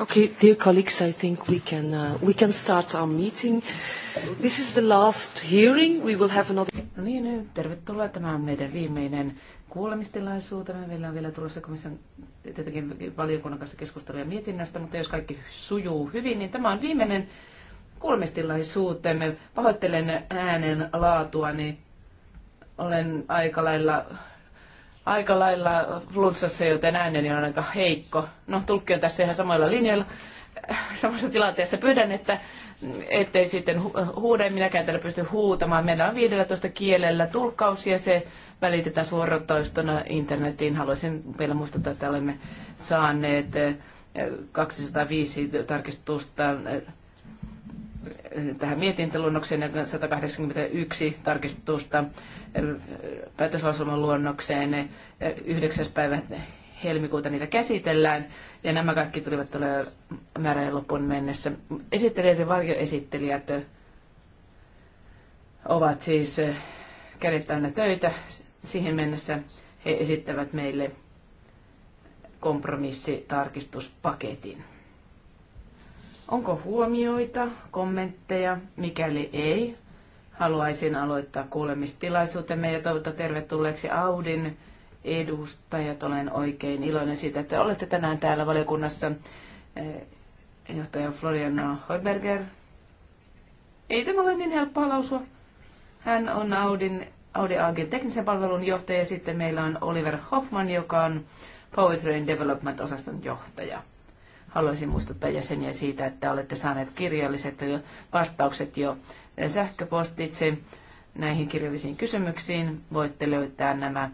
Okay, dear colleagues, I think we can, uh, we can start our meeting. This is the last hearing. We will have another... No niin, tervetuloa. Tämä on meidän viimeinen kuulemistilaisuutemme. Meillä on vielä tulossa komission tietenkin valiokunnan kanssa keskustelua. keskusteluja mietinnöstä, mutta jos kaikki sujuu hyvin, niin tämä on viimeinen kuulemistilaisuutemme. Pahoittelen äänen laatuani. Niin olen aika lailla aika lailla flunssassa, joten ääneni on aika heikko. No, tulkki on tässä ihan samoilla linjoilla äh, samassa tilanteessa. Pyydän, että ettei sitten huuda, en minäkään täällä pysty huutamaan. Meillä on 15 kielellä tulkkaus ja se välitetään suoratoistona internetiin. Haluaisin vielä muistuttaa, että olemme saaneet 205 äh, tarkistusta äh, tähän mietintöluonnokseen 181 tarkistusta äh, päätöslauselman luonnokseen 9. päivä helmikuuta niitä käsitellään. Ja nämä kaikki tulivat tulee määräajan loppuun mennessä. Esittelijät ja varjoesittelijät ovat siis äh, kädet töitä. Siihen mennessä he esittävät meille kompromissitarkistuspaketin. Onko huomioita, kommentteja? Mikäli ei, haluaisin aloittaa kuulemistilaisuutemme ja toivottaa tervetulleeksi Audin edustajat. Olen oikein iloinen siitä, että olette tänään täällä valiokunnassa. Eh, johtaja Florian Hoiberger. Ei tämä ole niin helppoa lausua. Hän on Audin, Audi AGin teknisen palvelun johtaja. Sitten meillä on Oliver Hoffman, joka on Poetry and Development-osaston johtaja. Haluaisin muistuttaa jäseniä siitä, että olette saaneet kirjalliset vastaukset jo sähköpostitse näihin kirjallisiin kysymyksiin. Voitte löytää nämä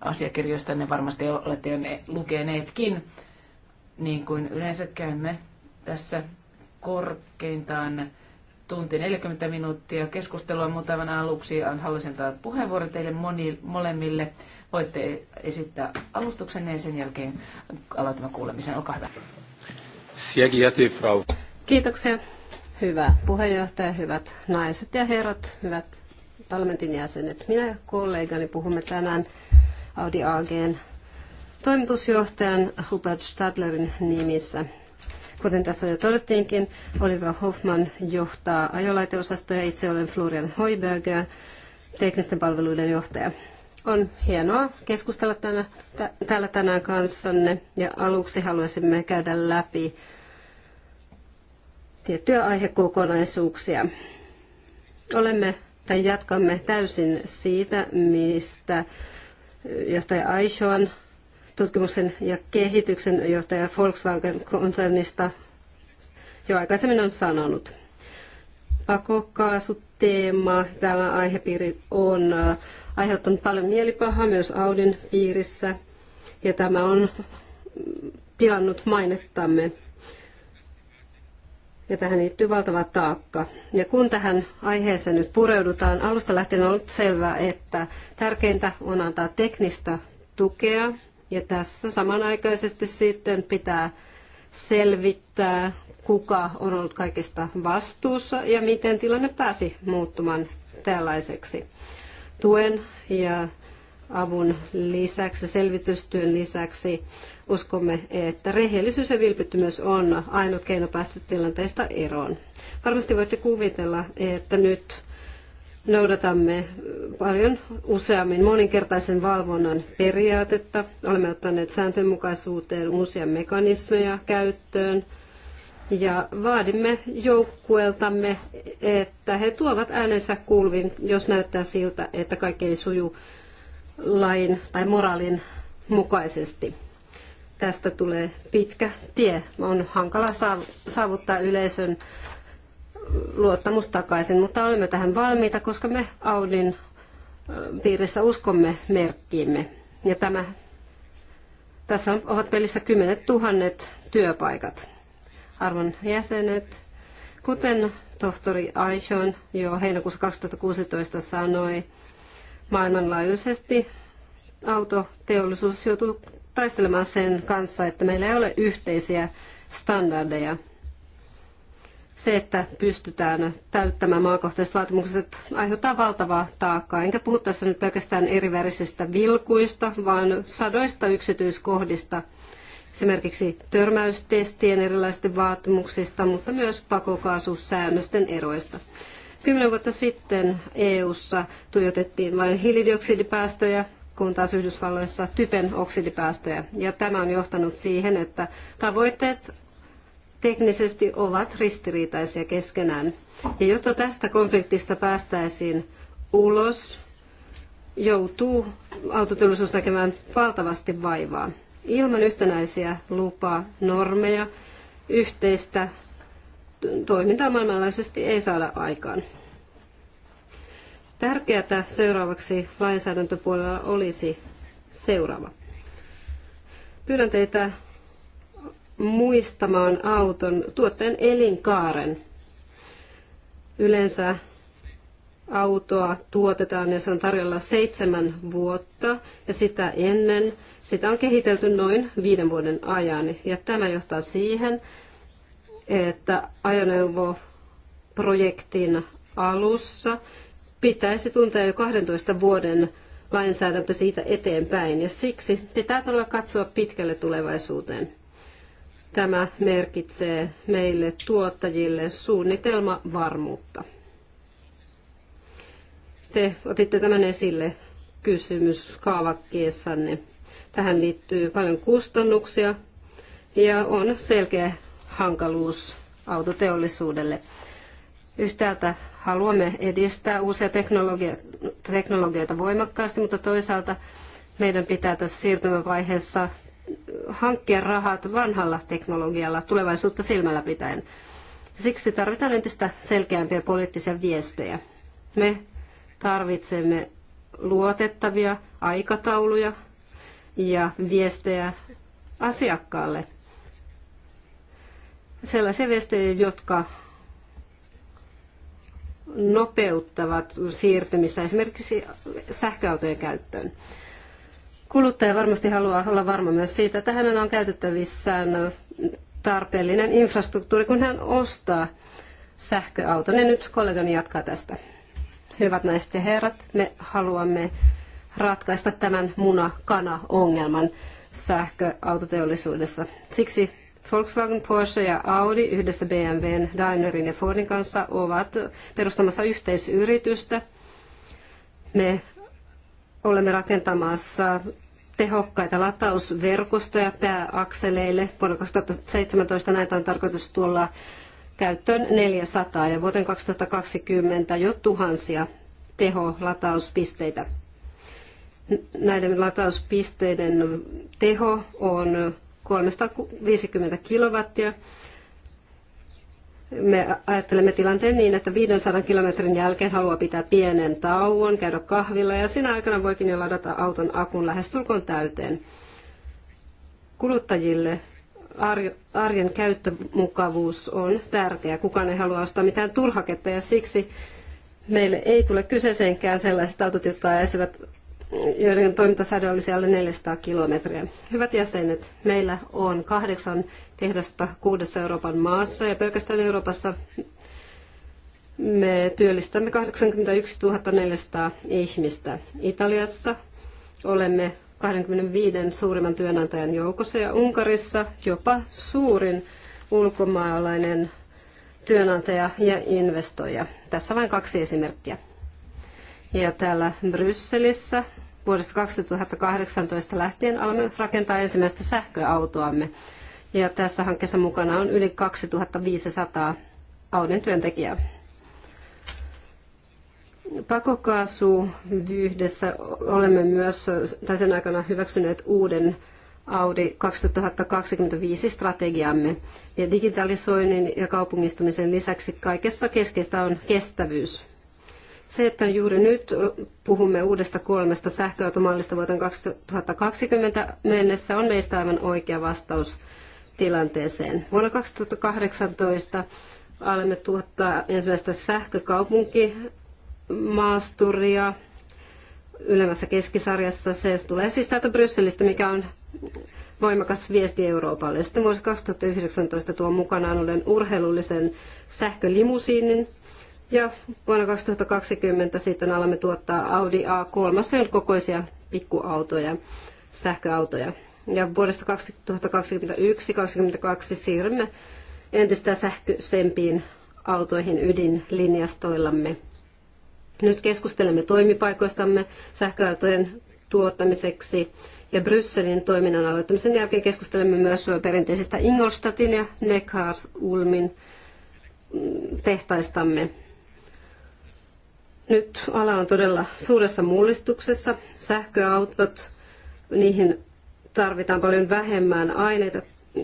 asiakirjoista, ne varmasti olette jo ne lukeneetkin. Niin kuin yleensä käymme tässä korkeintaan tunti 40 minuuttia keskustelua, muutaman aluksi haluaisin antaa puheenvuoron teille moni, molemmille. Voitte esittää alustuksen ja sen jälkeen aloitamme kuulemisen. Olkaa hyvä. Sehr geehrte Frau. Kiitoksia. Hyvä puheenjohtaja, hyvät naiset ja herrat, hyvät parlamentin jäsenet. Minä ja kollegani puhumme tänään Audi AGn toimitusjohtajan Hubert Stadlerin nimissä. Kuten tässä jo todettiinkin, Oliver Hoffman johtaa ajolaiteosastoja, itse olen Florian Hoiberger, teknisten palveluiden johtaja. On hienoa keskustella tänä, täällä tänään kanssanne ja aluksi haluaisimme käydä läpi tiettyjä aihekokonaisuuksia. Olemme tai jatkamme täysin siitä, mistä johtaja Aishoan, tutkimuksen ja kehityksen johtaja Volkswagen-konsernista jo aikaisemmin on sanonut. Pakokaasut teema, tämä aihepiiri on äh, aiheuttanut paljon mielipahaa myös Audin piirissä ja tämä on pilannut mainettamme. Ja tähän liittyy valtava taakka. Ja kun tähän aiheeseen nyt pureudutaan, alusta lähtien on ollut selvää, että tärkeintä on antaa teknistä tukea. Ja tässä samanaikaisesti sitten pitää selvittää kuka on ollut kaikesta vastuussa ja miten tilanne pääsi muuttumaan tällaiseksi. Tuen ja avun lisäksi, selvitystyön lisäksi uskomme, että rehellisyys ja vilpittömyys on ainoa keino päästä tilanteesta eroon. Varmasti voitte kuvitella, että nyt noudatamme paljon useammin moninkertaisen valvonnan periaatetta. Olemme ottaneet mukaisuuteen uusia mekanismeja käyttöön – ja vaadimme joukkueltamme, että he tuovat äänensä kulvin, jos näyttää siltä, että kaikki ei suju lain tai moraalin mukaisesti. Tästä tulee pitkä tie. On hankala saavuttaa yleisön luottamus takaisin, mutta olemme tähän valmiita, koska me Audin piirissä uskomme merkkiimme. Ja tämä, tässä ovat pelissä kymmenet tuhannet työpaikat arvon jäsenet. Kuten tohtori Aishon jo heinäkuussa 2016 sanoi, maailmanlaajuisesti autoteollisuus joutuu taistelemaan sen kanssa, että meillä ei ole yhteisiä standardeja. Se, että pystytään täyttämään maakohtaiset vaatimukset, aiheuttaa valtavaa taakkaa. Enkä puhu tässä nyt pelkästään erivärisistä vilkuista, vaan sadoista yksityiskohdista – esimerkiksi törmäystestien erilaisista vaatimuksista, mutta myös pakokaasusäännösten eroista. Kymmenen vuotta sitten EU:ssa tuijotettiin vain hiilidioksidipäästöjä, kun taas Yhdysvalloissa typen oksidipäästöjä. Ja tämä on johtanut siihen, että tavoitteet teknisesti ovat ristiriitaisia keskenään. Ja jotta tästä konfliktista päästäisiin ulos, joutuu autoteollisuus näkemään valtavasti vaivaa ilman yhtenäisiä lupaa, normeja, yhteistä toimintaa maailmanlaajuisesti ei saada aikaan. Tärkeää seuraavaksi lainsäädäntöpuolella olisi seuraava. Pyydän teitä muistamaan auton tuotteen elinkaaren. Yleensä autoa tuotetaan ja se on tarjolla seitsemän vuotta ja sitä ennen sitä on kehitelty noin viiden vuoden ajan. Ja tämä johtaa siihen, että ajoneuvoprojektin alussa pitäisi tuntea jo 12 vuoden lainsäädäntö siitä eteenpäin ja siksi pitää todella katsoa pitkälle tulevaisuuteen. Tämä merkitsee meille tuottajille suunnitelmavarmuutta. Te otitte tämän esille kysymyskaavakkeessanne. Tähän liittyy paljon kustannuksia ja on selkeä hankaluus autoteollisuudelle. Yhtäältä haluamme edistää uusia teknologioita voimakkaasti, mutta toisaalta meidän pitää tässä siirtymävaiheessa hankkia rahat vanhalla teknologialla tulevaisuutta silmällä pitäen. Siksi tarvitaan entistä selkeämpiä poliittisia viestejä. Me Tarvitsemme luotettavia aikatauluja ja viestejä asiakkaalle. Sellaisia viestejä, jotka nopeuttavat siirtymistä esimerkiksi sähköautojen käyttöön. Kuluttaja varmasti haluaa olla varma myös siitä, että hänen on käytettävissään tarpeellinen infrastruktuuri, kun hän ostaa sähköauton. Ja nyt kollegani jatkaa tästä. Hyvät naiset ja herrat, me haluamme ratkaista tämän muna-kana-ongelman sähköautoteollisuudessa. Siksi Volkswagen, Porsche ja Audi yhdessä BMWn, Daimlerin ja Fordin kanssa ovat perustamassa yhteisyritystä. Me olemme rakentamassa tehokkaita latausverkostoja pääakseleille. Vuonna 2017 näitä on tarkoitus tulla käyttöön 400 ja vuoteen 2020 jo tuhansia teholatauspisteitä. Näiden latauspisteiden teho on 350 kilowattia. Me ajattelemme tilanteen niin, että 500 kilometrin jälkeen haluaa pitää pienen tauon, käydä kahvilla ja sinä aikana voikin jo ladata auton akun lähestulkoon täyteen. Kuluttajille arjen käyttömukavuus on tärkeä. Kukaan ei halua ostaa mitään turhaketta ja siksi meille ei tule kyseeseenkään sellaiset autot, jotka ajaisivat joiden toimintasäde olisi alle 400 kilometriä. Hyvät jäsenet, meillä on kahdeksan tehdasta kuudessa Euroopan maassa ja pelkästään Euroopassa me työllistämme 81 400 ihmistä. Italiassa olemme 25 suurimman työnantajan joukossa ja Unkarissa jopa suurin ulkomaalainen työnantaja ja investoija. Tässä vain kaksi esimerkkiä. Ja täällä Brysselissä vuodesta 2018 lähtien alamme rakentaa ensimmäistä sähköautoamme. Ja tässä hankkeessa mukana on yli 2500 Audin työntekijää pakokaasu yhdessä olemme myös tässä aikana hyväksyneet uuden Audi 2025 strategiamme. Ja digitalisoinnin ja kaupungistumisen lisäksi kaikessa keskeistä on kestävyys. Se, että juuri nyt puhumme uudesta kolmesta sähköautomallista vuoteen 2020 mennessä, on meistä aivan oikea vastaus tilanteeseen. Vuonna 2018 alamme tuottaa ensimmäistä sähkökaupunki maasturia ylemmässä keskisarjassa. Se tulee siis täältä Brysselistä, mikä on voimakas viesti Euroopalle. Sitten vuosi 2019 tuo mukanaan olen urheilullisen sähkölimusiinin. Ja vuonna 2020 sitten alamme tuottaa Audi A3 kokoisia pikkuautoja, sähköautoja. Ja vuodesta 2021-2022 siirrymme entistä sähköisempiin autoihin ydinlinjastoillamme. Nyt keskustelemme toimipaikoistamme sähköautojen tuottamiseksi ja Brysselin toiminnan aloittamisen jälkeen keskustelemme myös perinteisistä Ingolstadtin ja Neckarsulmin mm, tehtaistamme. Nyt ala on todella suuressa mullistuksessa. Sähköautot, niihin tarvitaan paljon vähemmän aineita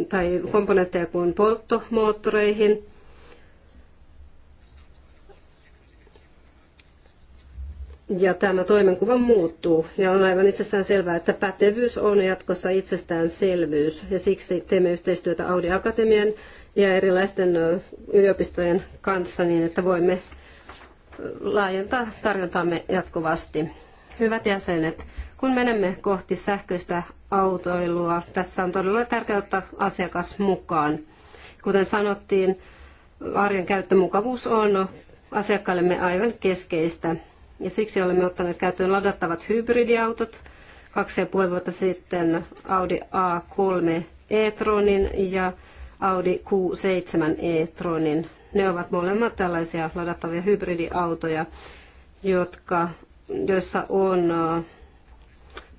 tai komponentteja kuin polttomoottoreihin – Ja tämä toimenkuva muuttuu ja on aivan itsestään selvää, että pätevyys on jatkossa itsestäänselvyys ja siksi teemme yhteistyötä Audi Akatemian ja erilaisten yliopistojen kanssa niin, että voimme laajentaa tarjontaamme jatkuvasti. Hyvät jäsenet, kun menemme kohti sähköistä autoilua, tässä on todella tärkeää ottaa asiakas mukaan. Kuten sanottiin, arjen käyttömukavuus on asiakkaillemme aivan keskeistä ja siksi olemme ottaneet käyttöön ladattavat hybridiautot. Kaksi ja puoli vuotta sitten Audi A3 e-tronin ja Audi Q7 e-tronin. Ne ovat molemmat tällaisia ladattavia hybridiautoja, jotka, joissa on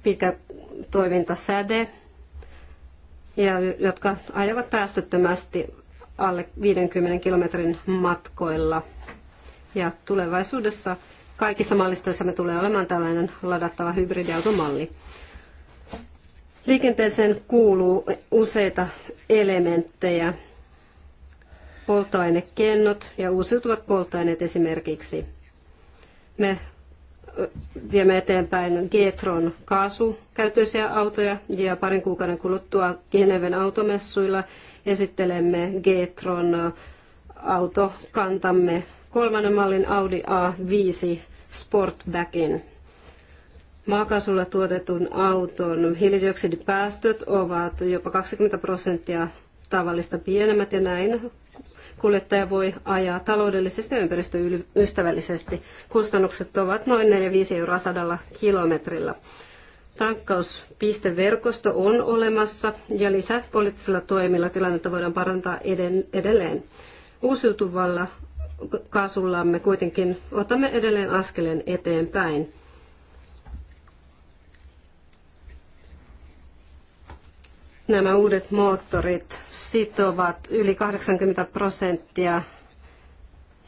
pitkä toimintasäde ja jotka ajavat päästöttömästi alle 50 kilometrin matkoilla. Ja tulevaisuudessa kaikissa mallistoissamme tulee olemaan tällainen ladattava hybridiautomalli. Liikenteeseen kuuluu useita elementtejä, polttoainekennot ja uusiutuvat polttoaineet esimerkiksi. Me viemme eteenpäin Getron kaasukäyttöisiä autoja ja parin kuukauden kuluttua Geneven automessuilla esittelemme Getron autokantamme kolmannen mallin Audi A5 Sportbackin. Maakaasulla tuotetun auton hiilidioksidipäästöt ovat jopa 20 prosenttia tavallista pienemmät ja näin kuljettaja voi ajaa taloudellisesti ja ympäristöystävällisesti. Kustannukset ovat noin 4-5 euroa sadalla kilometrillä. Tankkauspisteverkosto on olemassa ja lisäpoliittisilla toimilla tilannetta voidaan parantaa edelleen uusiutuvalla kaasullamme kuitenkin otamme edelleen askeleen eteenpäin. Nämä uudet moottorit sitovat yli 80 prosenttia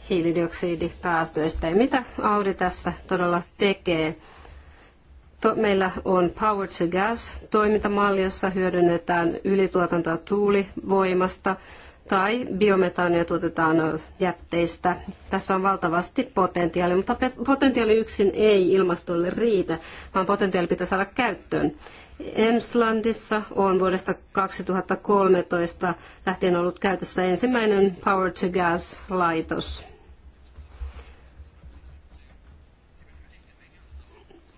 hiilidioksidipäästöistä. Ja mitä Audi tässä todella tekee? meillä on Power to Gas toimintamalli, jossa hyödynnetään ylituotantoa tuulivoimasta – tai biometaania tuotetaan jätteistä. Tässä on valtavasti potentiaalia, mutta potentiaali yksin ei ilmastolle riitä, vaan potentiaali pitää saada käyttöön. Emslandissa on vuodesta 2013 lähtien ollut käytössä ensimmäinen Power to Gas-laitos.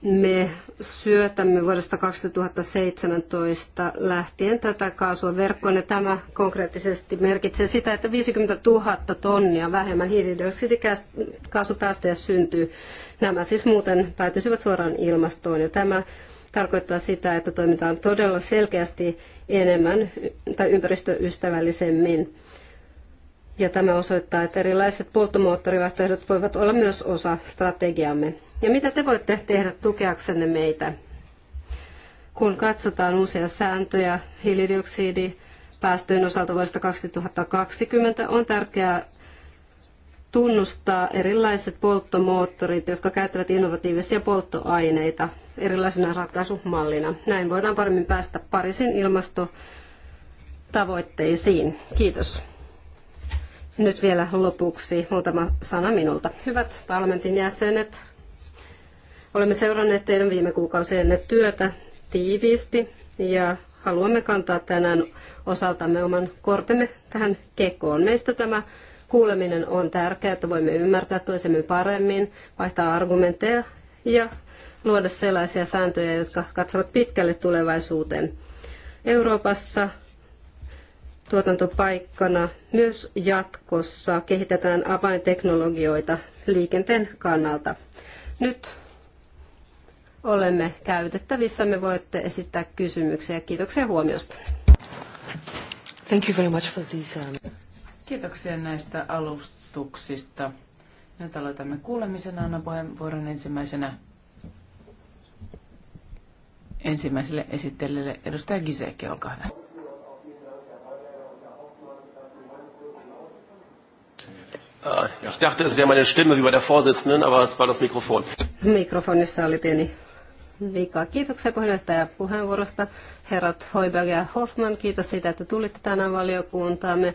Me syötämme vuodesta 2017 lähtien tätä kaasua verkkoon. Ja tämä konkreettisesti merkitsee sitä, että 50 000 tonnia vähemmän hiilidioksidikaasupäästöjä syntyy. Nämä siis muuten päätyisivät suoraan ilmastoon. Ja tämä tarkoittaa sitä, että toimitaan todella selkeästi enemmän tai ympäristöystävällisemmin. Ja tämä osoittaa, että erilaiset polttomoottorivaihtoehdot voivat olla myös osa strategiamme. Ja mitä te voitte tehdä tukeaksenne meitä? Kun katsotaan uusia sääntöjä hiilidioksidipäästöjen osalta vuodesta 2020, on tärkeää tunnustaa erilaiset polttomoottorit, jotka käyttävät innovatiivisia polttoaineita erilaisena ratkaisumallina. Näin voidaan paremmin päästä Pariisin ilmastotavoitteisiin. Kiitos. Nyt vielä lopuksi muutama sana minulta. Hyvät parlamentin jäsenet, Olemme seuranneet teidän viime kuukausienne työtä tiiviisti ja haluamme kantaa tänään osaltamme oman kortemme tähän kekoon. Meistä tämä kuuleminen on tärkeää, että voimme ymmärtää toisemme paremmin, vaihtaa argumentteja ja luoda sellaisia sääntöjä, jotka katsovat pitkälle tulevaisuuteen. Euroopassa tuotantopaikkana myös jatkossa kehitetään avainteknologioita liikenteen kannalta. Nyt olemme käytettävissä. Me voitte esittää kysymyksiä. Kiitoksia huomiosta. Thank you very much for um... Kiitoksia näistä alustuksista. Nyt aloitamme kuulemisen. Anna puheenvuoron ensimmäisenä ensimmäiselle esittelijälle. Edustaja Giseke, olkaa hyvä. Äh, ich dachte, es wäre meine Stimme wie bei der Vorsitzenden, aber es war das Mikrofon. Mikrofonissa oli pieni vika. Kiitoksia puheenjohtaja puheenvuorosta. Herrat Hoiberg ja Hoffman, kiitos siitä, että tulitte tänään valiokuntaamme.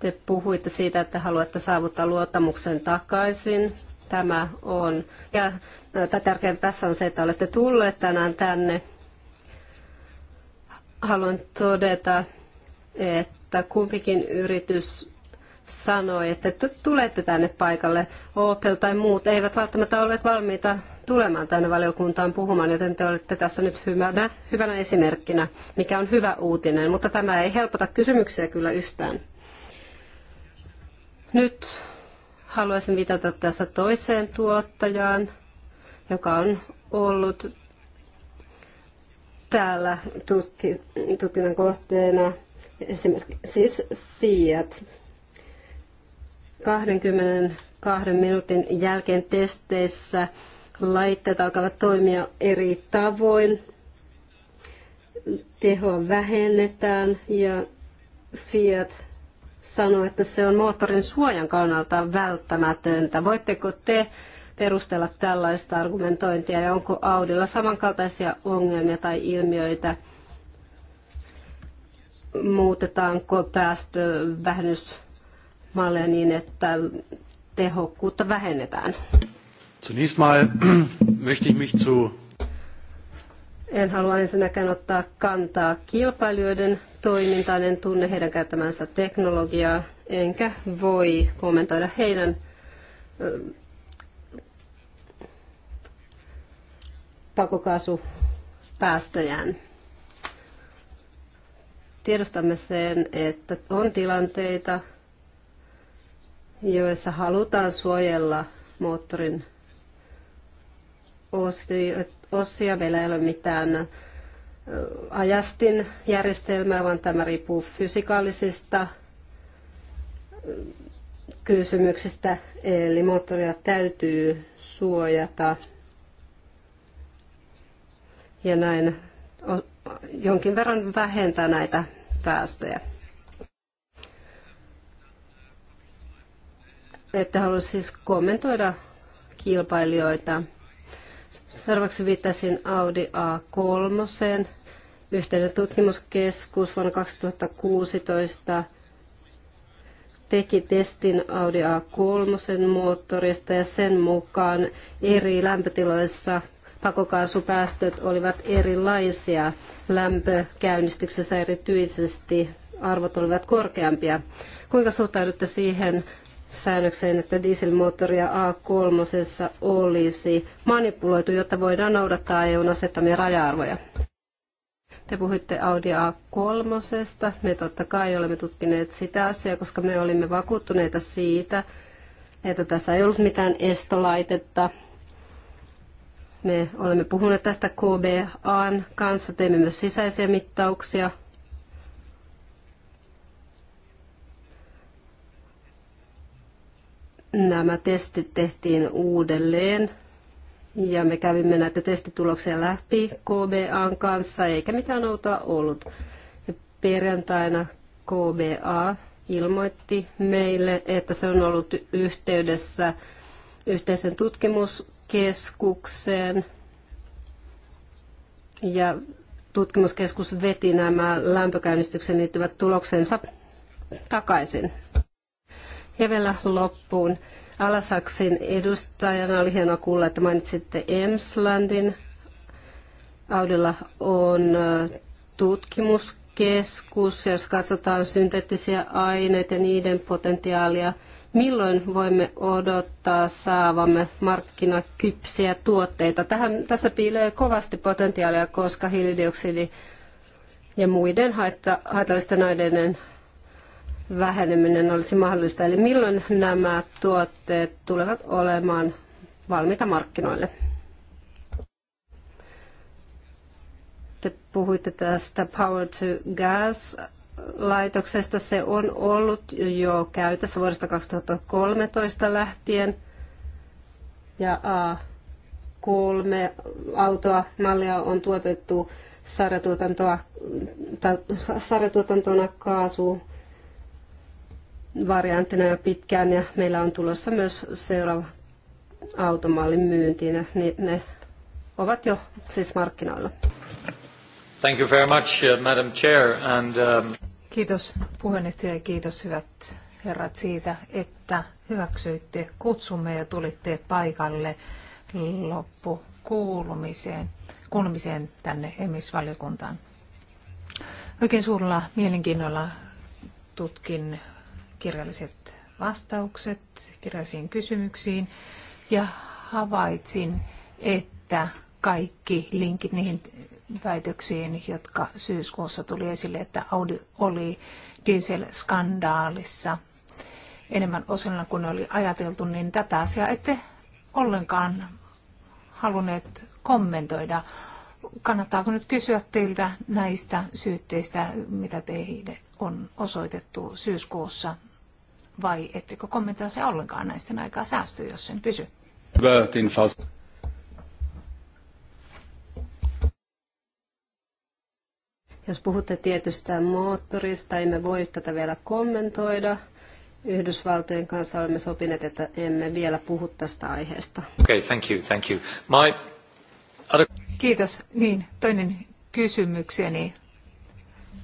Te puhuitte siitä, että haluatte saavuttaa luottamuksen takaisin. Tämä on. Ja tärkeintä tässä on se, että olette tulleet tänään tänne. Haluan todeta, että kumpikin yritys sanoi, että tulette tänne paikalle. Opel tai muut eivät välttämättä olleet valmiita tulemaan tänne valiokuntaan puhumaan, joten te olette tässä nyt hyvänä, hyvänä esimerkkinä, mikä on hyvä uutinen, mutta tämä ei helpota kysymyksiä kyllä yhtään. Nyt haluaisin viitata tässä toiseen tuottajaan, joka on ollut täällä tutki, tutkinnan kohteena, esimerkiksi siis Fiat. 22 minuutin jälkeen testeissä laitteet alkavat toimia eri tavoin, tehoa vähennetään ja Fiat sanoo, että se on moottorin suojan kannalta välttämätöntä. Voitteko te perustella tällaista argumentointia ja onko Audilla samankaltaisia ongelmia tai ilmiöitä? Muutetaanko päästövähennysmalleja niin, että tehokkuutta vähennetään? Zunächst mal möchte ich mich zu en halua ensinnäkään ottaa kantaa kilpailijoiden toimintaan, en tunne heidän käyttämäänsä teknologiaa, enkä voi kommentoida heidän pakokaasupäästöjään. Tiedostamme sen, että on tilanteita, joissa halutaan suojella moottorin osia. Meillä ei ole mitään ajastin järjestelmää, vaan tämä riippuu fysikaalisista kysymyksistä, eli moottoria täytyy suojata. Ja näin jonkin verran vähentää näitä päästöjä. Että haluaisin siis kommentoida kilpailijoita. Seuraavaksi viittasin Audi A3. Yhteinen tutkimuskeskus vuonna 2016 teki testin Audi A3 moottorista ja sen mukaan eri lämpötiloissa pakokaasupäästöt olivat erilaisia. Lämpökäynnistyksessä erityisesti arvot olivat korkeampia. Kuinka suhtaudutte siihen säännökseen, että dieselmoottoria A3 olisi manipuloitu, jotta voidaan noudattaa EUn asettamia raja-arvoja. Te puhuitte Audi A3. Me totta kai olemme tutkineet sitä asiaa, koska me olimme vakuuttuneita siitä, että tässä ei ollut mitään estolaitetta. Me olemme puhuneet tästä KBAn kanssa, teimme myös sisäisiä mittauksia Nämä testit tehtiin uudelleen ja me kävimme näitä testituloksia läpi KBAn kanssa, eikä mitään outoa ollut. Ja perjantaina KBA ilmoitti meille, että se on ollut yhteydessä yhteisen tutkimuskeskukseen ja tutkimuskeskus veti nämä lämpökäynnistykseen liittyvät tuloksensa takaisin. Ja vielä loppuun. Alasaksin edustajana oli hienoa kuulla, että mainitsitte Emslandin. Audilla on tutkimuskeskus, jos katsotaan synteettisiä aineita ja niiden potentiaalia. Milloin voimme odottaa saavamme markkinakypsiä tuotteita? Tähän, tässä piilee kovasti potentiaalia, koska hiilidioksidi ja muiden haitta, haitallisten aineiden väheneminen olisi mahdollista. Eli milloin nämä tuotteet tulevat olemaan valmiita markkinoille? Te puhuitte tästä Power to Gas laitoksesta. Se on ollut jo käytössä vuodesta 2013 lähtien. Ja kolme autoa, mallia on tuotettu sarjatuotantoa, sarjatuotantona kaasu varianttina jo pitkään ja meillä on tulossa myös seuraava automallin myyntiin ja ne ovat jo siis markkinoilla. Thank you very much, uh, Madam Chair. And, um... Kiitos puheenjohtaja ja kiitos hyvät herrat siitä, että hyväksyitte kutsumme ja tulitte paikalle loppukuulumiseen kuulumiseen tänne emisvaliokuntaan. Oikein suurella mielenkiinnolla tutkin kirjalliset vastaukset kirjallisiin kysymyksiin ja havaitsin, että kaikki linkit niihin väitöksiin, jotka syyskuussa tuli esille, että Audi oli dieselskandaalissa enemmän osana kuin oli ajateltu, niin tätä asiaa ette ollenkaan halunneet kommentoida. Kannattaako nyt kysyä teiltä näistä syytteistä, mitä teille on osoitettu syyskuussa? vai ettekö kommentoi se ollenkaan näistä aikaa säästyy, jos sen pysy? Jos puhutte tietystä moottorista, emme voi tätä vielä kommentoida. Yhdysvaltojen kanssa olemme sopineet, että emme vielä puhu tästä aiheesta. Okay, thank you, thank you. My... Kiitos. Niin, toinen kysymykseni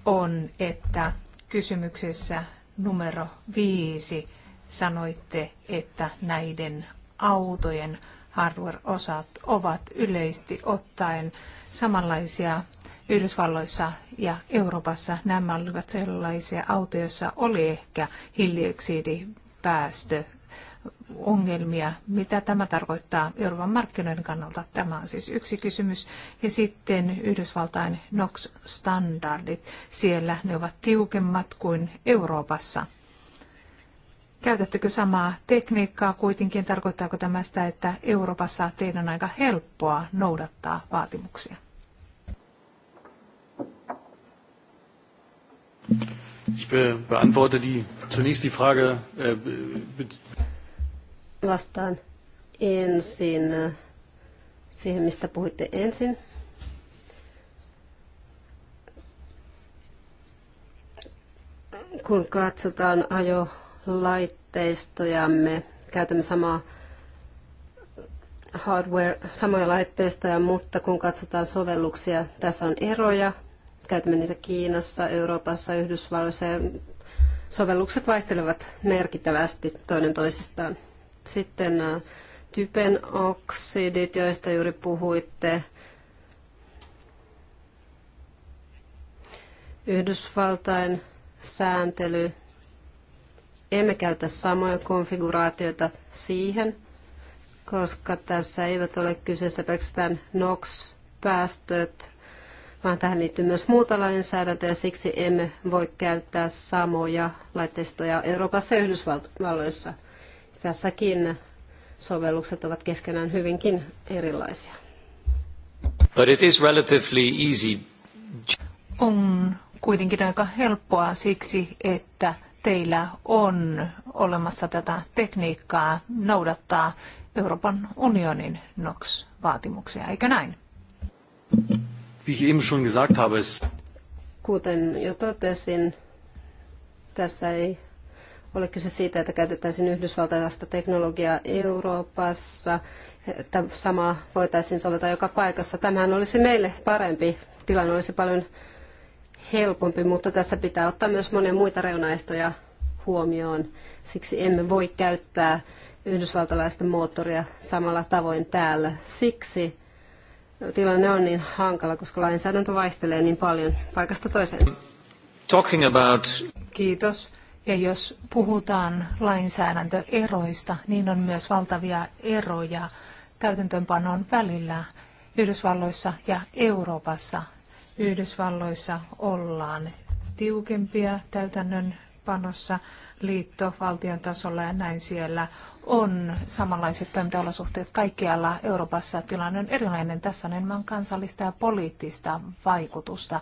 on, että kysymyksessä numero viisi sanoitte, että näiden autojen hardware-osat ovat yleisesti ottaen samanlaisia Yhdysvalloissa ja Euroopassa. Nämä olivat sellaisia autoja, joissa oli ehkä hiilidioksidipäästö ongelmia. Mitä tämä tarkoittaa Euroopan markkinoiden kannalta? Tämä on siis yksi kysymys. Ja sitten Yhdysvaltain NOx-standardit. Siellä ne ovat tiukemmat kuin Euroopassa. Käytättekö samaa tekniikkaa kuitenkin? Tarkoittaako tämä sitä, että Euroopassa teidän on aika helppoa noudattaa vaatimuksia? Ich beantworte die, zunächst die Frage. Äh, vastaan ensin siihen, mistä puhuitte ensin. Kun katsotaan ajolaitteistojamme, käytämme samaa hardware, samoja laitteistoja, mutta kun katsotaan sovelluksia, tässä on eroja. Käytämme niitä Kiinassa, Euroopassa, Yhdysvalloissa ja sovellukset vaihtelevat merkittävästi toinen toisistaan. Sitten äh, typen oksidit, joista juuri puhuitte. Yhdysvaltain sääntely. Emme käytä samoja konfiguraatioita siihen, koska tässä eivät ole kyseessä pelkästään NOx-päästöt, vaan tähän liittyy myös muuta lainsäädäntöä ja siksi emme voi käyttää samoja laitteistoja Euroopassa ja Yhdysvalloissa. Tässäkin sovellukset ovat keskenään hyvinkin erilaisia. But it is relatively easy. On kuitenkin aika helppoa siksi, että teillä on olemassa tätä tekniikkaa noudattaa Euroopan unionin NOx-vaatimuksia, eikö näin? Kuten jo totesin, tässä ei ole kyse siitä, että käytettäisiin yhdysvaltalaista teknologiaa Euroopassa. Tämä sama voitaisiin soveltaa joka paikassa. Tämähän olisi meille parempi. Tilanne olisi paljon helpompi, mutta tässä pitää ottaa myös monia muita reunaehtoja huomioon. Siksi emme voi käyttää yhdysvaltalaista moottoria samalla tavoin täällä. Siksi tilanne on niin hankala, koska lainsäädäntö vaihtelee niin paljon paikasta toiseen. Talking about... Kiitos. Ja jos puhutaan lainsäädäntöeroista, niin on myös valtavia eroja täytäntöönpanon välillä Yhdysvalloissa ja Euroopassa. Yhdysvalloissa ollaan tiukempia täytännön panossa valtion tasolla ja näin siellä on samanlaiset toimintaolosuhteet kaikkialla Euroopassa. Tilanne on erilainen. Tässä on enemmän kansallista ja poliittista vaikutusta.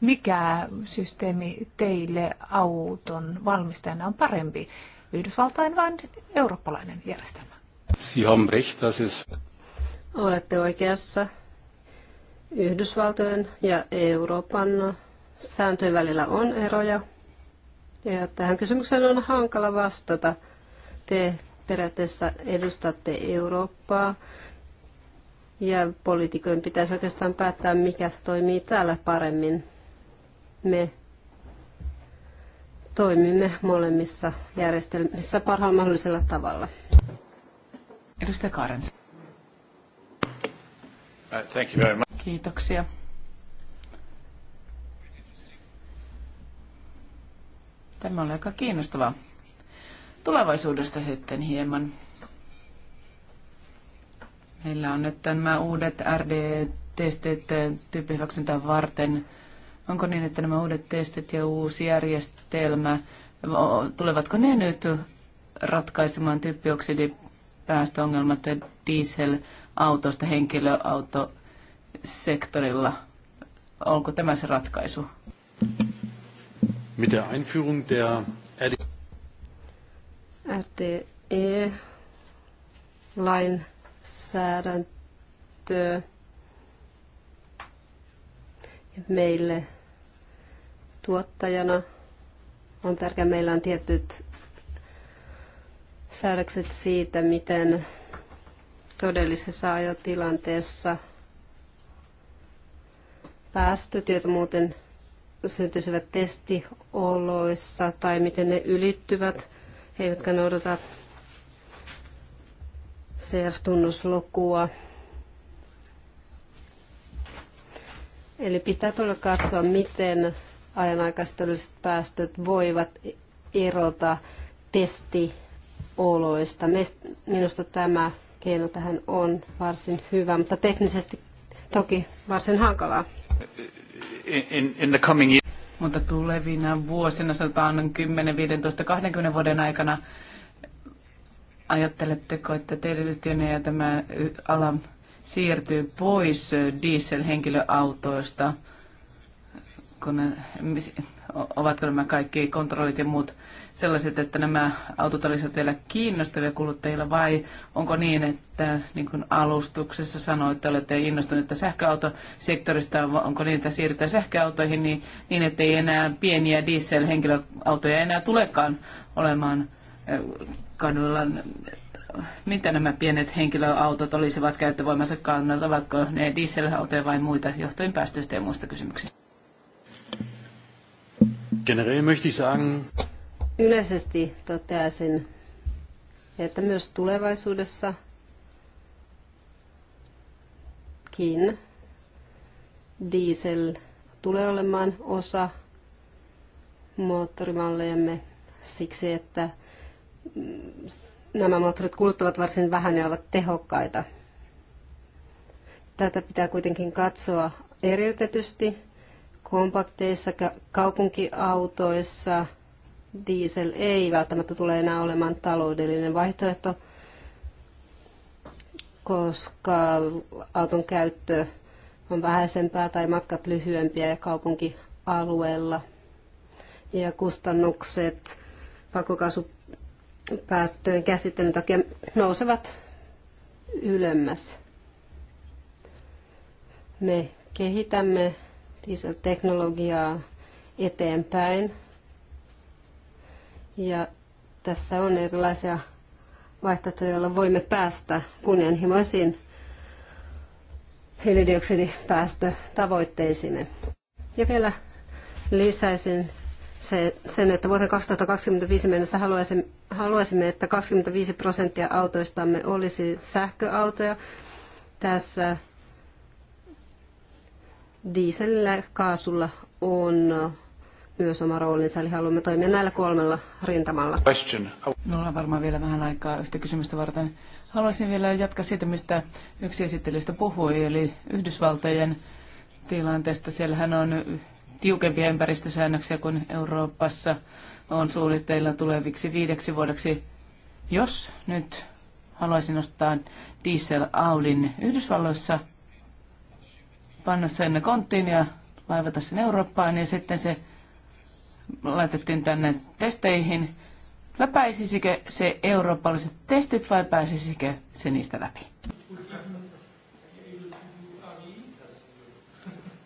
Mikä systeemi teille auton valmistajana on parempi? Yhdysvaltain vai eurooppalainen järjestelmä? Sie haben recht, das ist... Olette oikeassa. Yhdysvaltojen ja Euroopan sääntöjen välillä on eroja, ja tähän kysymykseen on hankala vastata. Te periaatteessa edustatte Eurooppaa ja poliitikojen pitäisi oikeastaan päättää, mikä toimii täällä paremmin. Me toimimme molemmissa järjestelmissä parhaalla mahdollisella tavalla. Edustaja Kaarens. Uh, Kiitoksia. Tämä oli aika kiinnostavaa. Tulevaisuudesta sitten hieman. Meillä on nyt nämä uudet RD-testit tyyppihyväksyntää varten. Onko niin, että nämä uudet testit ja uusi järjestelmä, tulevatko ne nyt ratkaisemaan typpioksidipäästöongelmat dieselautosta henkilöautosektorilla? Onko tämä se ratkaisu? Mit der Einführung der RDE-lainsäädäntö e meille tuottajana on tärkeää, meillä on tietyt säädökset siitä, miten todellisessa ajotilanteessa päästötyöt muuten syntyisivät testioloissa tai miten ne ylittyvät, he eivätkä noudata CF-tunnuslukua. Eli pitää tulla katsoa, miten ajanaikaiset päästöt voivat erota testioloista. Minusta tämä keino tähän on varsin hyvä, mutta teknisesti toki varsin hankalaa in, in the coming years. Mutta tulevina vuosina, sanotaan 10, 15, 20 vuoden aikana, ajatteletteko, että teidän yhtiönne ja tämä ala siirtyy pois dieselhenkilöautoista henkilöautoista kun, ovatko nämä kaikki kontrollit ja muut sellaiset, että nämä autot olisivat vielä kiinnostavia kuluttajilla vai onko niin, että niin kuin alustuksessa sanoit, että olette innostuneita sähköautosektorista, onko niin, että siirrytään sähköautoihin niin, niin ei enää pieniä dieselhenkilöautoja enää tulekaan olemaan kadulla mitä nämä pienet henkilöautot olisivat käyttövoimansa kannalta, ovatko ne dieselautoja vai muita, johtuen päästöistä ja muista kysymyksistä? Generell möchte ich sagen, Yleisesti toteaisin, että myös tulevaisuudessa kiin diesel tulee olemaan osa moottorimallejamme siksi, että mm, nämä moottorit kuluttavat varsin vähän ja ovat tehokkaita. Tätä pitää kuitenkin katsoa eriytetysti kompakteissa kaupunkiautoissa diesel ei välttämättä tule enää olemaan taloudellinen vaihtoehto, koska auton käyttö on vähäisempää tai matkat lyhyempiä ja kaupunkialueella. Ja kustannukset pakokaasupäästöjen käsittelyn takia nousevat ylemmäs. Me kehitämme teknologiaa eteenpäin. Ja tässä on erilaisia vaihtoehtoja, joilla voimme päästä kunnianhimoisiin hiilidioksidipäästötavoitteisiin. Ja vielä lisäisin se, sen, että vuoteen 2025 mennessä haluaisimme, että 25 prosenttia autoistamme olisi sähköautoja. Tässä dieselillä ja kaasulla on myös oma roolinsa, eli haluamme toimia näillä kolmella rintamalla. Minulla no, on varmaan vielä vähän aikaa yhtä kysymystä varten. Haluaisin vielä jatkaa siitä, mistä yksi esittelystä puhui, eli Yhdysvaltojen tilanteesta. Siellähän on tiukempia ympäristösäännöksiä kuin Euroopassa on suunnitteilla tuleviksi viideksi vuodeksi. Jos nyt haluaisin nostaa diesel-aulin Yhdysvalloissa – panna sen konttiin ja laivata sen Eurooppaan ja sitten se laitettiin tänne testeihin. Läpäisisikö se eurooppalaiset testit vai pääsisikö se niistä läpi?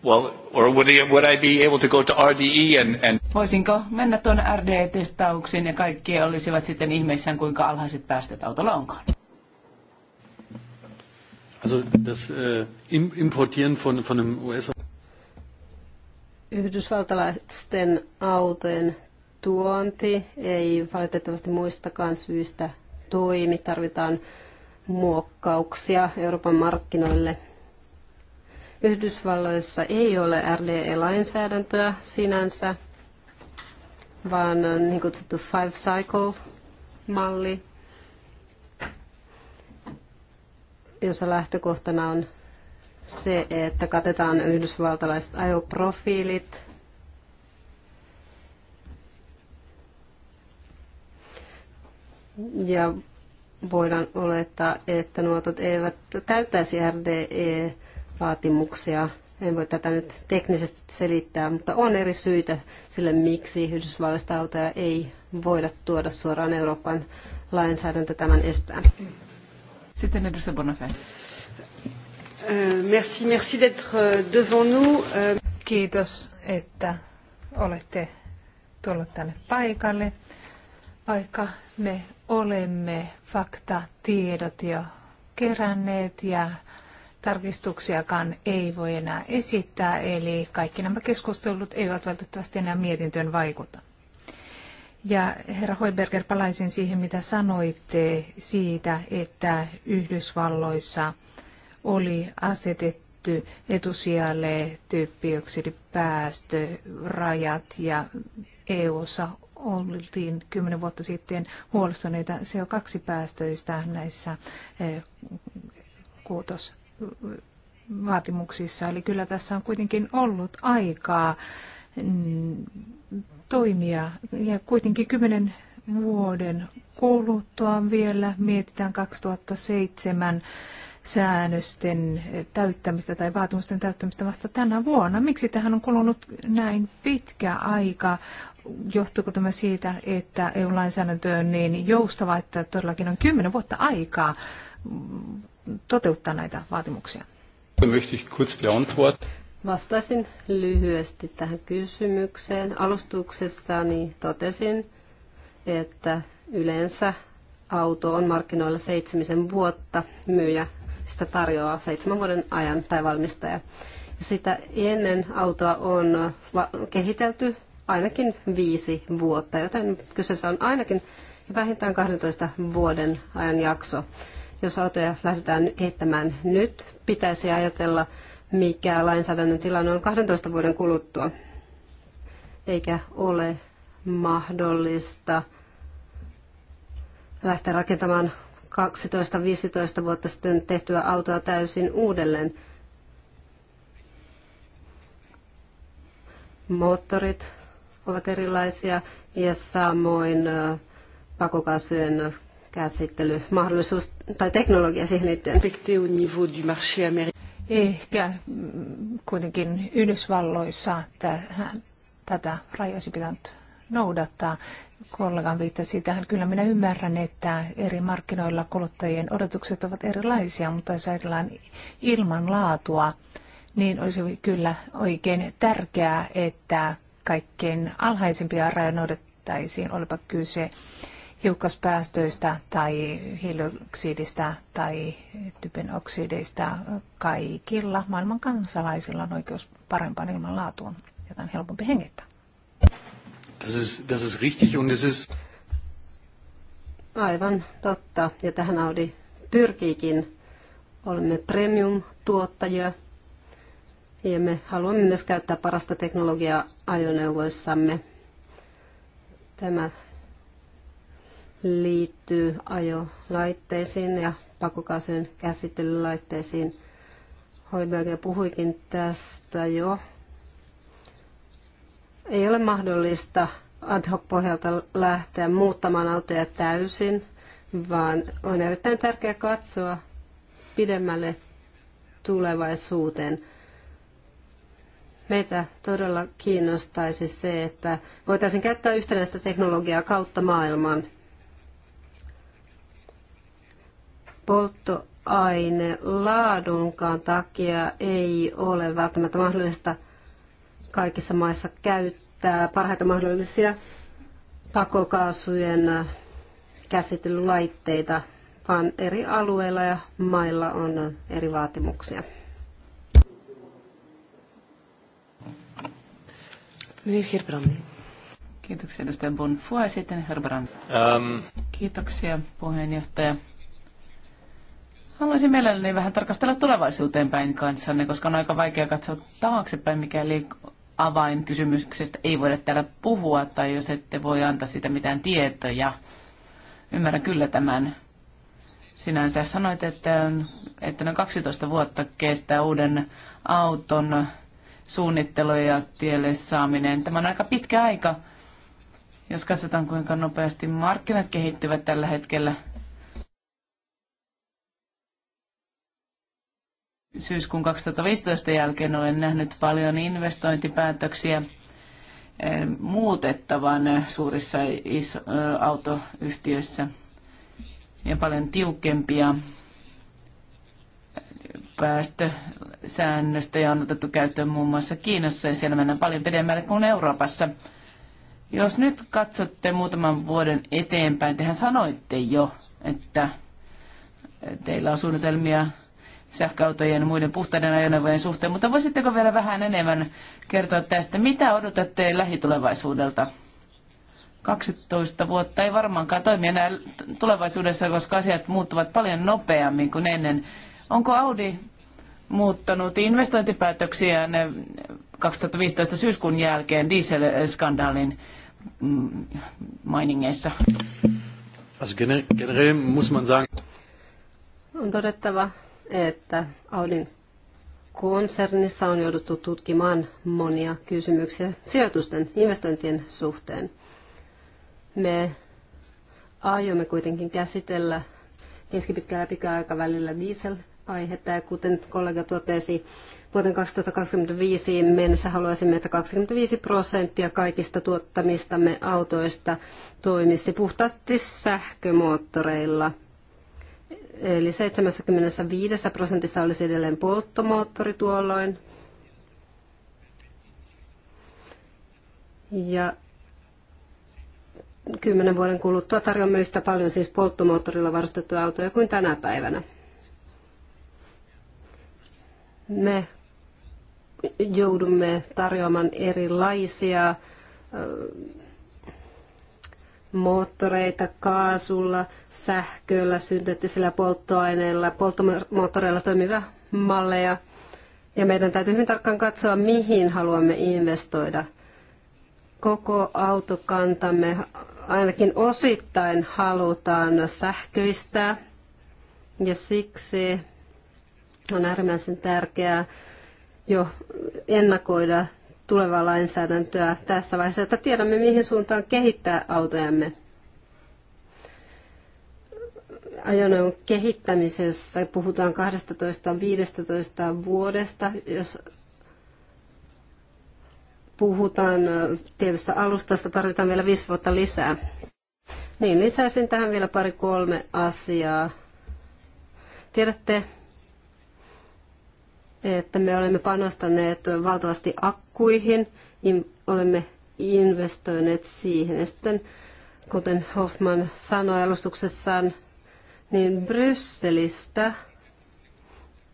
Well, or would, I, would I be able to go to RDE and, and... Voisinko mennä tuon RDE-testauksiin ja kaikki olisivat sitten ihmeissään, kuinka alhaiset päästöt autolla onkaan? Also das äh, Importieren von, von einem US- Yhdysvaltalaisten autojen tuonti ei valitettavasti muistakaan syistä toimi. Tarvitaan muokkauksia Euroopan markkinoille. Yhdysvalloissa ei ole RDE-lainsäädäntöä sinänsä, vaan niin kutsuttu five cycle malli jossa lähtökohtana on se, että katetaan yhdysvaltalaiset ajoprofiilit. Ja voidaan olettaa, että nuotot eivät täyttäisi RDE-vaatimuksia. En voi tätä nyt teknisesti selittää, mutta on eri syitä sille, miksi Yhdysvalloista autoja ei voida tuoda suoraan Euroopan lainsäädäntö tämän estää. Bonafé. Euh, merci, merci d'être euh, devant nous. Euh, Kiitos, että olette tullut tänne paikalle, vaikka me olemme faktatiedot jo keränneet ja tarkistuksiakaan ei voi enää esittää, eli kaikki nämä keskustelut eivät välttämättä enää mietintöön vaikuta. Ja herra Hoiberger, palaisin siihen, mitä sanoitte siitä, että Yhdysvalloissa oli asetettu etusijalle typpioksidipäästörajat ja EU-ssa oltiin kymmenen vuotta sitten huolestuneita CO2-päästöistä näissä eh, kuutosvaatimuksissa. Eli kyllä tässä on kuitenkin ollut aikaa mm, toimia. Ja kuitenkin kymmenen vuoden kouluttua vielä mietitään 2007 säännösten täyttämistä tai vaatimusten täyttämistä vasta tänä vuonna. Miksi tähän on kulunut näin pitkä aika? Johtuuko tämä siitä, että EU-lainsäädäntö on niin joustava, että todellakin on kymmenen vuotta aikaa toteuttaa näitä vaatimuksia? Vastasin lyhyesti tähän kysymykseen. Alustuksessani totesin, että yleensä auto on markkinoilla seitsemisen vuotta. Myyjä sitä tarjoaa seitsemän vuoden ajan tai valmistaja. Sitä ennen autoa on kehitelty ainakin viisi vuotta, joten kyseessä on ainakin vähintään 12 vuoden ajan jakso. Jos autoja lähdetään kehittämään nyt, pitäisi ajatella mikä lainsäädännön tilanne on 12 vuoden kuluttua, eikä ole mahdollista lähteä rakentamaan 12-15 vuotta sitten tehtyä autoa täysin uudelleen. Moottorit ovat erilaisia ja samoin pakokaasujen käsittelymahdollisuus tai teknologia siihen liittyen. Ehkä mm, kuitenkin Yhdysvalloissa tätä rajasi pitänyt noudattaa. Kollegan viittasi tähän. Kyllä minä ymmärrän, että eri markkinoilla kuluttajien odotukset ovat erilaisia, mutta jos ajatellaan ilman laatua, niin olisi kyllä oikein tärkeää, että kaikkein alhaisimpia rajoja noudattaisiin, olipa kyse hiukkaspäästöistä tai hiilioksidista tai typen oksideista kaikilla maailman kansalaisilla on oikeus parempaan ilmanlaatuun, jota on helpompi hengittää. Das ist, das ist richtig und das ist... Aivan totta. Ja tähän Audi pyrkiikin. Olemme premium-tuottajia ja me haluamme myös käyttää parasta teknologiaa ajoneuvoissamme. Tämä liittyy ajolaitteisiin ja pakokaasujen käsittelylaitteisiin. Hoiberg puhuikin tästä jo. Ei ole mahdollista ad hoc pohjalta lähteä muuttamaan autoja täysin, vaan on erittäin tärkeää katsoa pidemmälle tulevaisuuteen. Meitä todella kiinnostaisi se, että voitaisiin käyttää yhtenäistä teknologiaa kautta maailman – polttoaine laadunkaan takia ei ole välttämättä mahdollista kaikissa maissa käyttää parhaita mahdollisia pakokaasujen käsittelylaitteita, vaan eri alueilla ja mailla on eri vaatimuksia. Kiitoksia edustaja Bonfua ja sitten Herbrand. Um. Ähm. Kiitoksia puheenjohtaja. Haluaisin mielelläni vähän tarkastella tulevaisuuteen päin kanssanne, koska on aika vaikea katsoa taaksepäin, mikäli avainkysymyksestä ei voida täällä puhua tai jos ette voi antaa siitä mitään tietoja. Ymmärrän kyllä tämän. Sinänsä sanoit, että, että noin 12 vuotta kestää uuden auton suunnittelu ja tielle saaminen. Tämä on aika pitkä aika, jos katsotaan kuinka nopeasti markkinat kehittyvät tällä hetkellä – syyskuun 2015 jälkeen olen nähnyt paljon investointipäätöksiä eh, muutettavan suurissa eh, autoyhtiöissä ja paljon tiukempia päästösäännöstöjä on otettu käyttöön muun muassa Kiinassa ja siellä mennään paljon pidemmälle kuin Euroopassa. Jos nyt katsotte muutaman vuoden eteenpäin, tehän sanoitte jo, että teillä on suunnitelmia sähköautojen ja muiden puhtaiden ajoneuvojen suhteen, mutta voisitteko vielä vähän enemmän kertoa tästä, mitä odotatte lähitulevaisuudelta? 12 vuotta ei varmaankaan toimi enää tulevaisuudessa, koska asiat muuttuvat paljon nopeammin kuin ennen. Onko Audi muuttanut investointipäätöksiään 2015 syyskuun jälkeen dieselskandaalin mm, mainingeissa? Also generell muss man sagen, on todettava, että Audin konsernissa on jouduttu tutkimaan monia kysymyksiä sijoitusten investointien suhteen. Me aiomme kuitenkin käsitellä keskipitkällä ja pikaikavälillä diesel-aihetta ja kuten kollega totesi, vuoden 2025 mennessä haluaisimme, että 25 prosenttia kaikista tuottamistamme autoista toimisi puhtaasti sähkömoottoreilla – Eli 75 prosentissa olisi edelleen polttomoottori tuolloin. Ja kymmenen vuoden kuluttua tarjoamme yhtä paljon siis polttomoottorilla varustettuja autoja kuin tänä päivänä. Me joudumme tarjoamaan erilaisia moottoreita kaasulla, sähköllä, synteettisillä polttoaineilla, polttomoottoreilla toimivia malleja. Ja meidän täytyy hyvin tarkkaan katsoa, mihin haluamme investoida. Koko autokantamme ainakin osittain halutaan sähköistää. Ja siksi on äärimmäisen tärkeää jo ennakoida tulevaa lainsäädäntöä tässä vaiheessa, että tiedämme, mihin suuntaan kehittää autojamme. Ajoneuvon kehittämisessä puhutaan 12-15 vuodesta, jos puhutaan tietystä alustasta, tarvitaan vielä viisi vuotta lisää. Niin, lisäisin tähän vielä pari kolme asiaa. Tiedätte, että me olemme panostaneet valtavasti akku Kuihin niin olemme investoineet siihen. Ja sitten, kuten Hoffman sanoi alustuksessaan, niin Brysselistä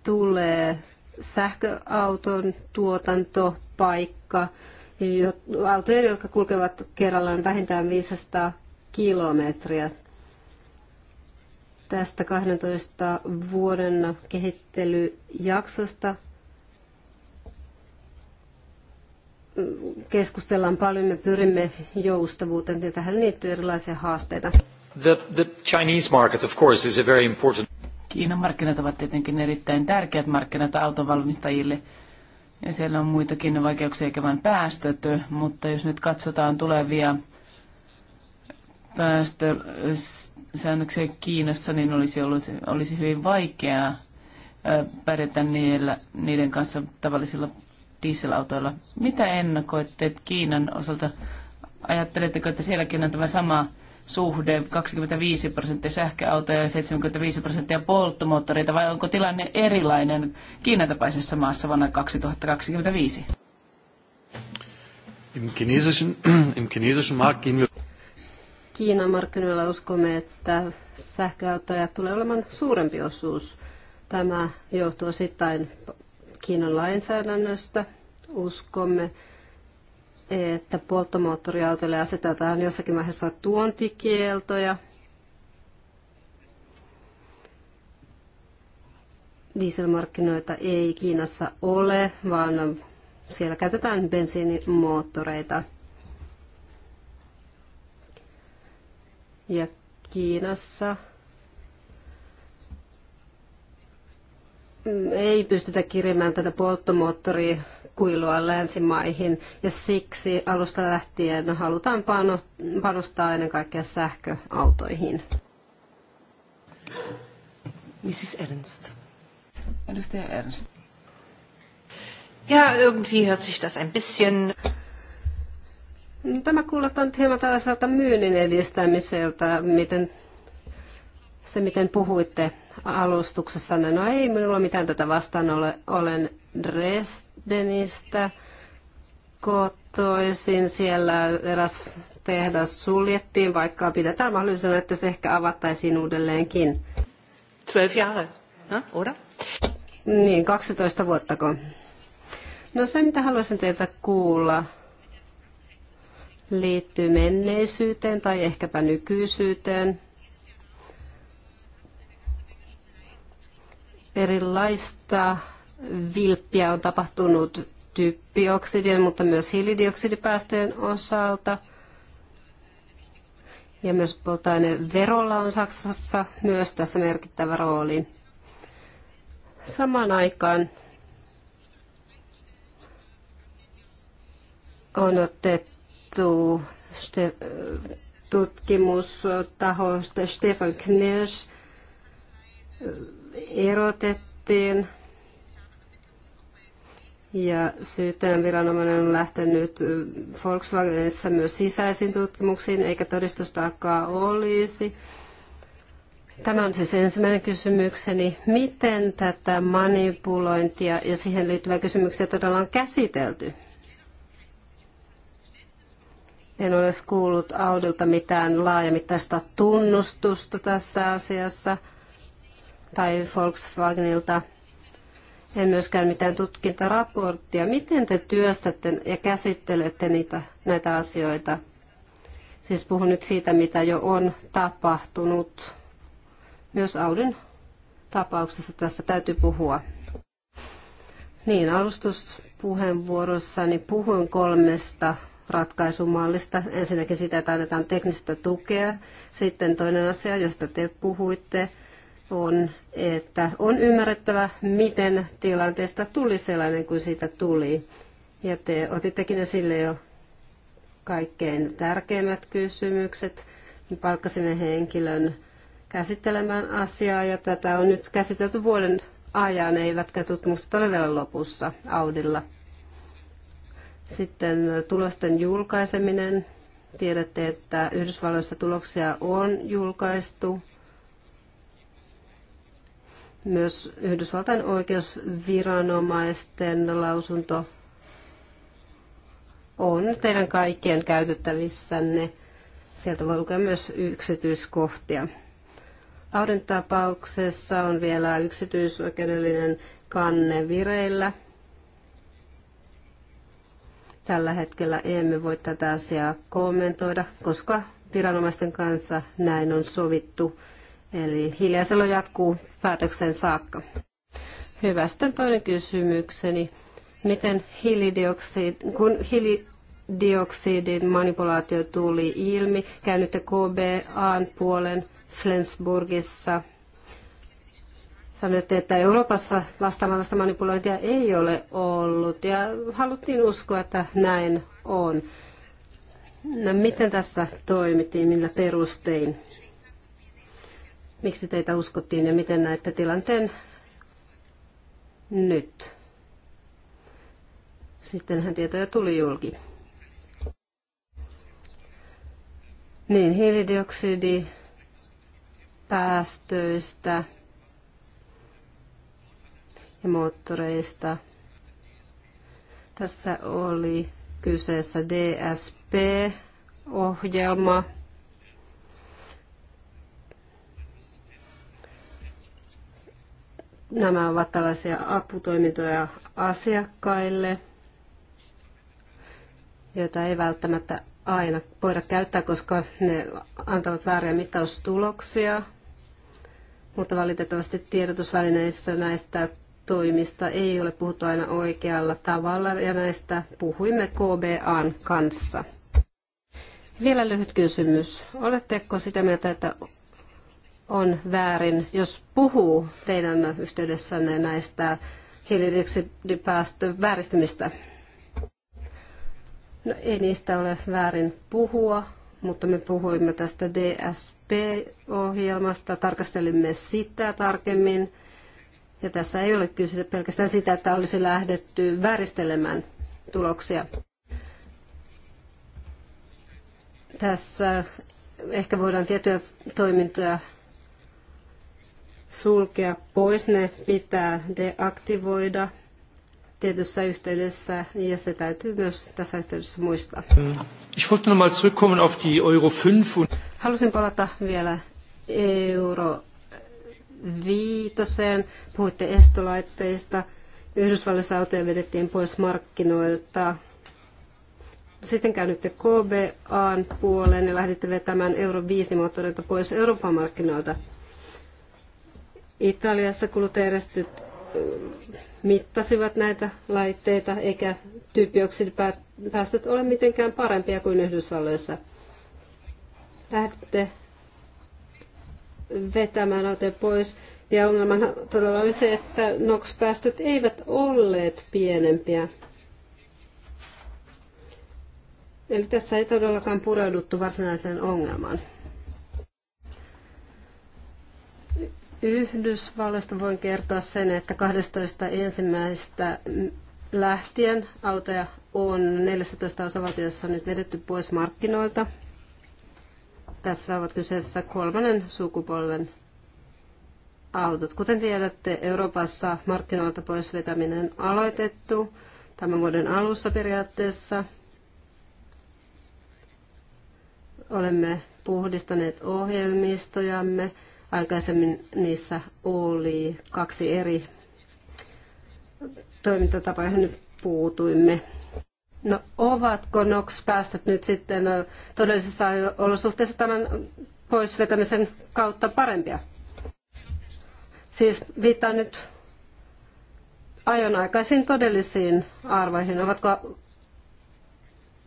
tulee sähköauton tuotantopaikka, autoja, jotka kulkevat kerrallaan vähintään 500 kilometriä. Tästä 12 vuoden kehittelyjaksosta keskustellaan paljon, me pyrimme joustavuuteen ja tähän liittyy erilaisia haasteita. The, the Chinese market, of course, is a very important... Kiinan markkinat ovat tietenkin erittäin tärkeät markkinat autonvalmistajille. Ja siellä on muitakin vaikeuksia eikä vain päästöt, mutta jos nyt katsotaan tulevia päästösäännöksiä Kiinassa, niin olisi, ollut, olisi hyvin vaikeaa pärjätä niillä, niiden kanssa tavallisilla dieselautoilla. Mitä ennakoitte Kiinan osalta? Ajatteletteko, että sielläkin on tämä sama suhde, 25 prosenttia sähköautoja ja 75 prosenttia polttomoottoreita, vai onko tilanne erilainen Kiinan tapaisessa maassa vuonna 2025? Im chinesischen, im chinesischen Markt gehen wir Kiinan markkinoilla uskomme, että sähköautoja tulee olemaan suurempi osuus. Tämä johtuu osittain Kiinan lainsäädännöstä. Uskomme, että polttomoottoriautoille asetetaan jossakin vaiheessa tuontikieltoja. Dieselmarkkinoita ei Kiinassa ole, vaan siellä käytetään bensiinimoottoreita. Ja Kiinassa ei pystytä kirimään tätä kuilua länsimaihin ja siksi alusta lähtien halutaan panostaa ennen kaikkea sähköautoihin. Mrs. Ernst. Edustaja Ernst. Ja irgendwie hört sich das ein bisschen... Tämä kuulostaa nyt hieman tällaiselta myynnin edistämiseltä, miten, se miten puhuitte Alustuksessa no ei minulla mitään tätä vastaan ole, olen Dresdenistä kotoisin, siellä eräs tehdas suljettiin, vaikka pidetään mahdollisena, että se ehkä avattaisiin uudelleenkin. 12 jahre, no, oder? Niin, 12 vuottako. No se, mitä haluaisin teiltä kuulla, liittyy menneisyyteen tai ehkäpä nykyisyyteen. Erilaista vilppiä on tapahtunut typpioksidien, mutta myös hiilidioksidipäästöjen osalta. Ja myös poltainen verolla on Saksassa myös tässä merkittävä rooli. Samaan aikaan on otettu tutkimustaho Stefan Knirsch erotettiin ja syyttäjän viranomainen on lähtenyt Volkswagenissa myös sisäisiin tutkimuksiin, eikä todistustaakkaa olisi. Tämä on siis ensimmäinen kysymykseni. Miten tätä manipulointia ja siihen liittyvää kysymyksiä todella on käsitelty? En ole kuullut Audilta mitään laajamittaista tunnustusta tässä asiassa tai Volkswagenilta, en myöskään mitään tutkintaraporttia. Miten te työstätte ja käsittelette niitä, näitä asioita? Siis puhun nyt siitä, mitä jo on tapahtunut. Myös Audin tapauksessa tästä täytyy puhua. Niin, alustuspuheenvuorossani puhuin kolmesta ratkaisumallista. Ensinnäkin sitä, että annetaan teknistä tukea. Sitten toinen asia, josta te puhuitte, on, että on ymmärrettävä, miten tilanteesta tuli sellainen kuin siitä tuli. Ja te otittekin esille jo kaikkein tärkeimmät kysymykset. Me palkkasimme henkilön käsittelemään asiaa ja tätä on nyt käsitelty vuoden ajan, eivätkä tutkimukset ole vielä lopussa Audilla. Sitten tulosten julkaiseminen. Tiedätte, että Yhdysvalloissa tuloksia on julkaistu myös Yhdysvaltain oikeusviranomaisten lausunto on teidän kaikkien käytettävissänne. Sieltä voi lukea myös yksityiskohtia. Auden tapauksessa on vielä yksityisoikeudellinen kanne vireillä. Tällä hetkellä emme voi tätä asiaa kommentoida, koska viranomaisten kanssa näin on sovittu. Eli hiljaisella jatkuu päätöksen saakka. Hyvä. Sitten toinen kysymykseni. Miten hiilidioksid, kun hiilidioksidin manipulaatio tuli ilmi, käynnitte KBAn puolen Flensburgissa. Sanoitte, että Euroopassa vastaavanlaista manipulointia ei ole ollut ja haluttiin uskoa, että näin on. No, miten tässä toimittiin, millä perustein? Miksi teitä uskottiin ja miten näette tilanteen nyt? Sittenhän tietoja tuli julki. Niin, hiilidioksidi päästöistä ja moottoreista. Tässä oli kyseessä DSP-ohjelma. Nämä ovat tällaisia aputoimintoja asiakkaille, joita ei välttämättä aina voida käyttää, koska ne antavat vääriä mittaustuloksia. Mutta valitettavasti tiedotusvälineissä näistä toimista ei ole puhuttu aina oikealla tavalla ja näistä puhuimme KBAn kanssa. Vielä lyhyt kysymys. Oletteko sitä mieltä, että on väärin, jos puhuu teidän yhteydessänne näistä hiilidioksidipäästöjen vääristymistä. No ei niistä ole väärin puhua, mutta me puhuimme tästä DSP-ohjelmasta, tarkastelimme sitä tarkemmin. Ja tässä ei ole kyse pelkästään sitä, että olisi lähdetty vääristelemään tuloksia. Tässä ehkä voidaan tiettyjä toimintoja sulkea pois, ne pitää deaktivoida tietyssä yhteydessä ja se täytyy myös tässä yhteydessä muistaa. Ähm, ich wollte nochmal zurückkommen auf die Euro 5 und Halusin palata vielä euro viitoseen. Puhuitte estolaitteista. Yhdysvalloissa autoja vedettiin pois markkinoilta. Sitten käynytte KBAn puoleen ja lähditte vetämään euro 5 moottoreita pois Euroopan markkinoilta. Italiassa kuluttajärjestöt mittasivat näitä laitteita, eikä typioksidipäästöt ole mitenkään parempia kuin Yhdysvalloissa. Lähdette vetämään ote pois. Ja ongelmana todella oli se, että NOx-päästöt eivät olleet pienempiä. Eli tässä ei todellakaan pureuduttu varsinaiseen ongelmaan. Yhdysvalloista voin kertoa sen, että 12.1. lähtien autoja on 14 osavaltiossa nyt vedetty pois markkinoilta. Tässä ovat kyseessä kolmannen sukupolven autot. Kuten tiedätte, Euroopassa markkinoilta pois vetäminen aloitettu tämän vuoden alussa periaatteessa. Olemme puhdistaneet ohjelmistojamme Aikaisemmin niissä oli kaksi eri toimintatapaa, johon nyt puutuimme. No ovatko NOx-päästöt nyt sitten todellisessa olosuhteissa tämän poisvetämisen kautta parempia? Siis viittaan nyt ajonaikaisiin todellisiin arvoihin. Ovatko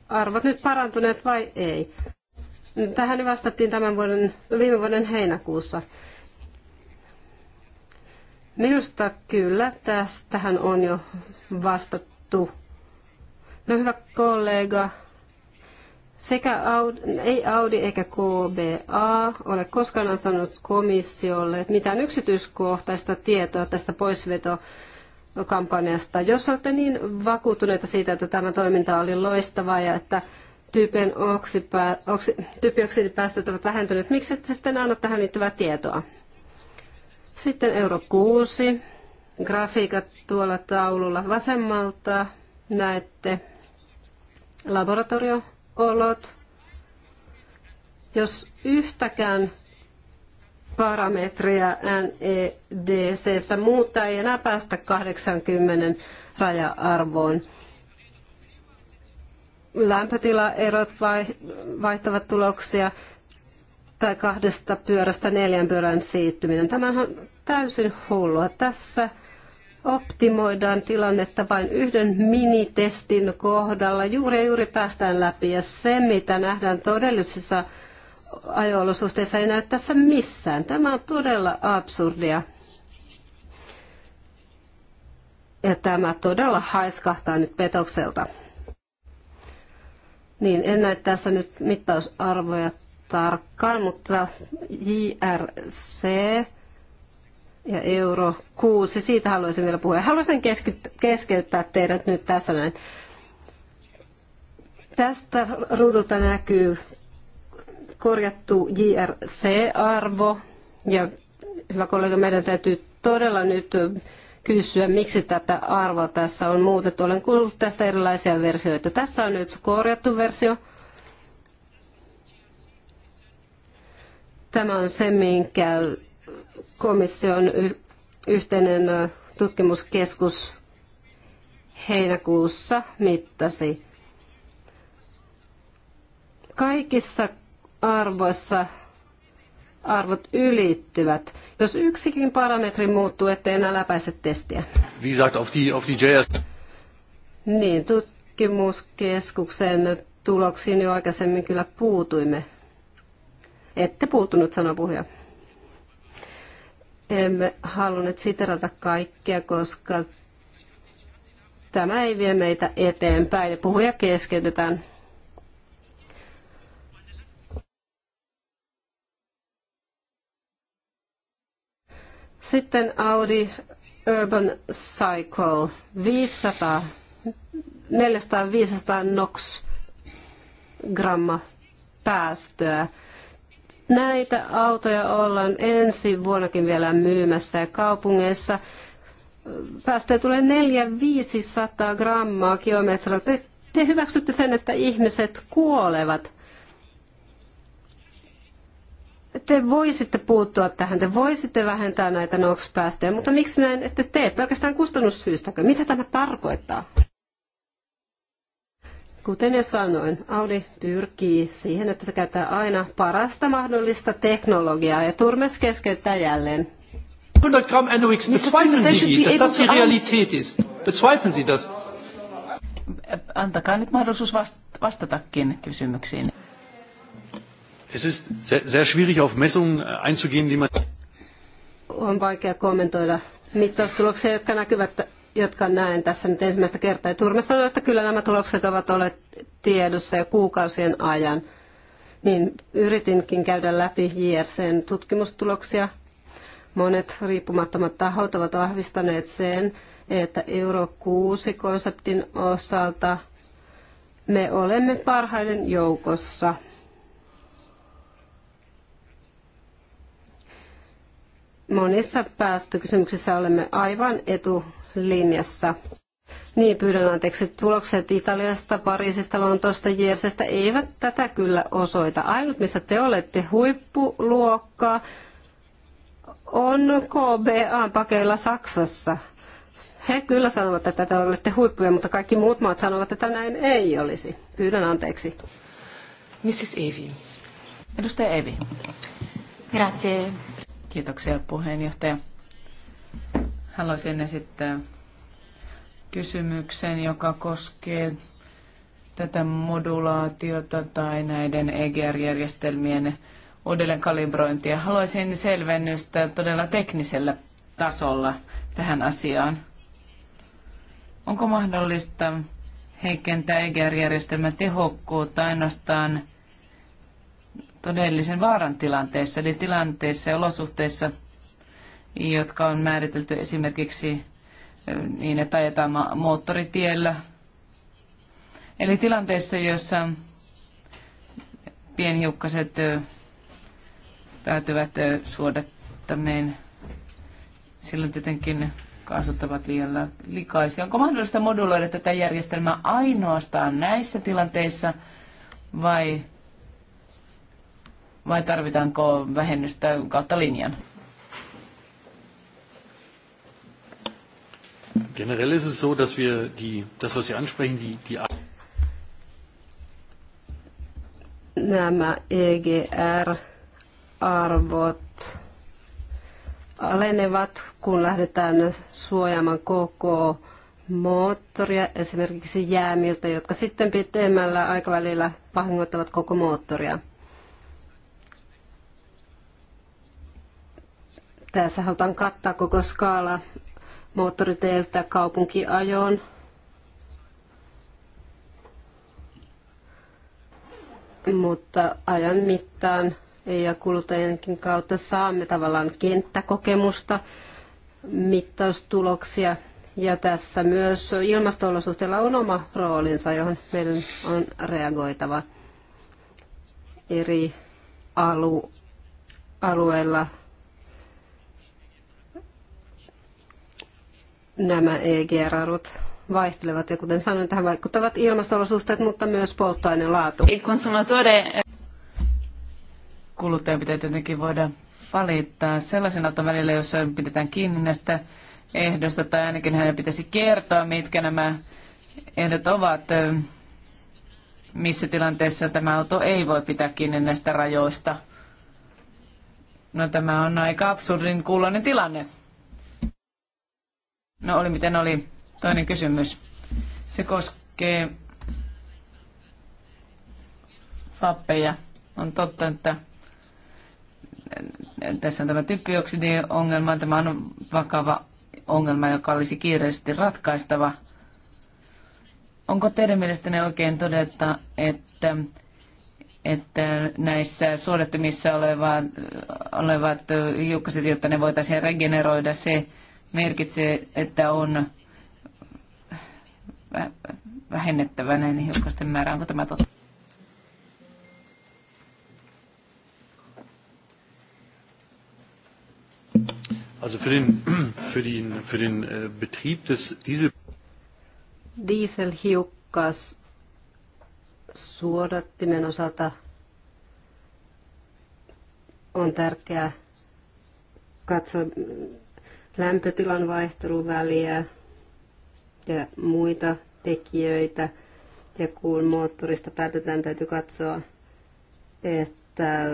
arvot nyt parantuneet vai ei? Tähän vastattiin tämän vuoden, viime vuoden heinäkuussa. Minusta kyllä, tästähän on jo vastattu. No hyvä kollega, sekä Audi, ei Audi eikä KBA ole koskaan antanut komissiolle mitään yksityiskohtaista tietoa tästä poisvetokampanjasta. Jos olette niin vakuuttuneita siitä, että tämä toiminta oli loistavaa ja että tyypien typioksidipäästöt ovat vähentyneet. Miksi ette sitten anna tähän liittyvää tietoa? Sitten euro 6. Grafiikat tuolla taululla vasemmalta näette laboratorioolot. Jos yhtäkään parametria NEDC muuttaa ei enää päästä 80 raja-arvoon lämpötilaerot vaihtavat tuloksia tai kahdesta pyörästä neljän pyörän siittyminen. Tämä on täysin hullua. Tässä optimoidaan tilannetta vain yhden minitestin kohdalla. Juuri ja juuri päästään läpi ja se, mitä nähdään todellisissa ajo-olosuhteissa, ei näy tässä missään. Tämä on todella absurdia. Ja tämä todella haiskahtaa nyt petokselta. Niin, en näe tässä nyt mittausarvoja tarkkaan, mutta JRC ja euro 6, siitä haluaisin vielä puhua. Haluaisin keskeyttää teidät nyt tässä näin. Tästä ruudulta näkyy korjattu JRC-arvo ja hyvä kollega, meidän täytyy todella nyt kysyä, miksi tätä arvoa tässä on muutettu. Olen kuullut tästä erilaisia versioita. Tässä on nyt korjattu versio. Tämä on se, minkä komission yhteinen tutkimuskeskus heinäkuussa mittasi. Kaikissa arvoissa arvot ylittyvät. Jos yksikin parametri muuttuu, ettei enää läpäise testiä. Wie gesagt, auf die, auf die JS. Niin, tutkimuskeskuksen tuloksiin jo aikaisemmin kyllä puutuimme. Ette puuttunut, sanoi puhuja. Emme halunneet siterata kaikkia, koska tämä ei vie meitä eteenpäin. Puhuja keskeytetään. Sitten Audi Urban Cycle 500, 400-500 NOx gramma päästöä. Näitä autoja ollaan ensi vuonnakin vielä myymässä ja kaupungeissa päästöjä tulee 400-500 grammaa kilometrillä. Te, te hyväksytte sen, että ihmiset kuolevat te voisitte puuttua tähän, te voisitte vähentää näitä NOx-päästöjä, mutta miksi näin ette tee? Pelkästään kustannussyistäkö? Mitä tämä tarkoittaa? Kuten jo sanoin, Audi pyrkii siihen, että se käyttää aina parasta mahdollista teknologiaa ja Turmes keskeyttää jälleen. 100 Gramm NOx, bezweifeln Sie die, dass das die Realität ist? Bezweifeln Sie das? Antakaa nyt mahdollisuus vastatakin kysymyksiin. Es ist sehr, sehr schwierig auf Messungen äh, einzugehen, die man... On vaikea kommentoida mittaustuloksia, jotka näkyvät, jotka näen tässä nyt ensimmäistä kertaa. Ja Turme sanoi, että kyllä nämä tulokset ovat olleet tiedossa jo kuukausien ajan. Niin yritinkin käydä läpi JRCn tutkimustuloksia. Monet riippumattomat tahot ovat vahvistaneet sen, että Euro 6-konseptin osalta me olemme parhaiden joukossa. monissa päästökysymyksissä olemme aivan etulinjassa. Niin, pyydän anteeksi. Tulokset Italiasta, Pariisista, Lontoosta, Jersestä eivät tätä kyllä osoita. Ainut, missä te olette huippuluokkaa, on KBA-pakeilla Saksassa. He kyllä sanovat, että te olette huippuja, mutta kaikki muut maat sanovat, että näin ei olisi. Pyydän anteeksi. Mrs. Evi. Edustaja Evi. Grazie, Kiitoksia puheenjohtaja. Haluaisin esittää kysymyksen, joka koskee tätä modulaatiota tai näiden EGR-järjestelmien uudelleen kalibrointia. Haluaisin selvennystä todella teknisellä tasolla tähän asiaan. Onko mahdollista heikentää EGR-järjestelmän tehokkuutta ainoastaan todellisen vaaran tilanteessa, eli tilanteessa ja olosuhteissa, jotka on määritelty esimerkiksi niin, että ajetaan moottoritiellä. Eli tilanteessa, jossa pienhiukkaset päätyvät suodattamiin, silloin tietenkin kaasut ovat liian likaisia. Onko mahdollista moduloida tätä järjestelmää ainoastaan näissä tilanteissa vai vai tarvitaanko vähennystä kautta linjan? Generell ist es so, dass wir die, das, was Sie ansprechen, die, die Nämä EGR-arvot alenevat, kun lähdetään suojaamaan koko moottoria esimerkiksi jäämiltä, jotka sitten pitemmällä aikavälillä vahingoittavat koko moottoria. Tässä halutaan kattaa koko skaala moottoriteiltä kaupunkiajoon. Mutta ajan mittaan ja kuluttajienkin kautta saamme tavallaan kenttäkokemusta, mittaustuloksia. Ja tässä myös ilmastoolosuhteilla on oma roolinsa, johon meidän on reagoitava eri alu, alueilla nämä EGR-arvot vaihtelevat ja kuten sanoin, tähän vaikuttavat ilmastolosuhteet, mutta myös polttoaineen laatu. E- Kuluttaja pitää tietenkin voida valittaa sellaisen välillä, jossa pidetään kiinni näistä ehdosta, tai ainakin hänen pitäisi kertoa, mitkä nämä ehdot ovat, missä tilanteessa tämä auto ei voi pitää kiinni näistä rajoista. No tämä on aika absurdin kuulonen tilanne. No oli miten oli. Toinen kysymys. Se koskee fappeja. On totta, että tässä on tämä ongelma, Tämä on vakava ongelma, joka olisi kiireellisesti ratkaistava. Onko teidän mielestänne oikein todeta, että, että näissä suodattomissa olevat, olevat hiukkaset, jotta ne voitaisiin regeneroida, se merkitsee, että on vähennettävä näin hiukkasten määrä. Onko tämä totta? Also für den, für den, für den äh, Betrieb des Diesel Dieselhiukkas suodattimen osalta on tärkeää katsoa, lämpötilan vaihteluväliä ja muita tekijöitä. Ja kun moottorista päätetään, täytyy katsoa, että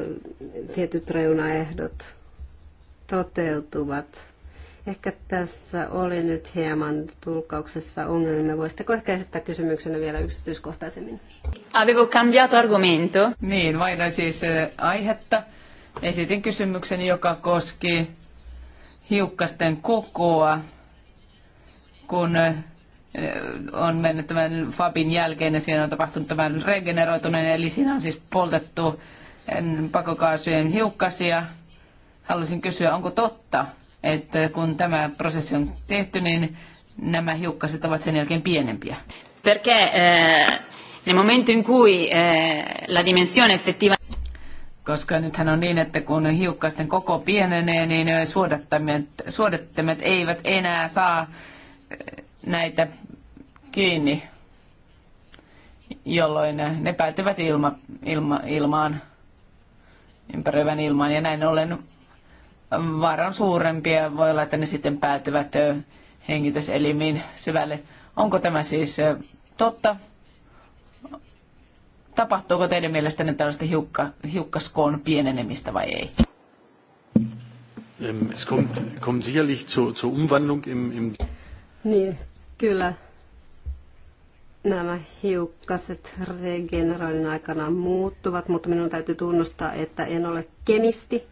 tietyt reunaehdot toteutuvat. Ehkä tässä oli nyt hieman tulkauksessa ongelmia. Voisitteko ehkä esittää kysymyksenä vielä yksityiskohtaisemmin? Avevo cambiato argomento. Niin, vaihdoin siis eh, aihetta. Esitin kysymyksen, joka koski hiukkasten kokoa, kun on mennyt tämän Fabin jälkeen ja siinä on tapahtunut tämän regeneroituneen, eli siinä on siis poltettu pakokaasujen hiukkasia. Haluaisin kysyä, onko totta, että kun tämä prosessi on tehty, niin nämä hiukkaset ovat sen jälkeen pienempiä? Perché eh, nel momento in cui eh, la dimensione effettiva koska nythän on niin, että kun hiukkasten koko pienenee, niin suodattimet, suodattimet eivät enää saa näitä kiinni, jolloin ne päätyvät ilma, ilma, ilmaan, ympäröivän ilmaan. Ja näin ollen vaaran suurempia voi olla, että ne sitten päätyvät hengityselimiin syvälle. Onko tämä siis totta? Tapahtuuko teidän mielestänne tällaista hiukka, hiukkaskoon pienenemistä vai ei? Ähm, es kommt, kommt sicherlich zur, zur Umwandlung im, im niin, kyllä nämä hiukkaset regeneroinnin aikana muuttuvat, mutta minun täytyy tunnustaa, että en ole kemisti,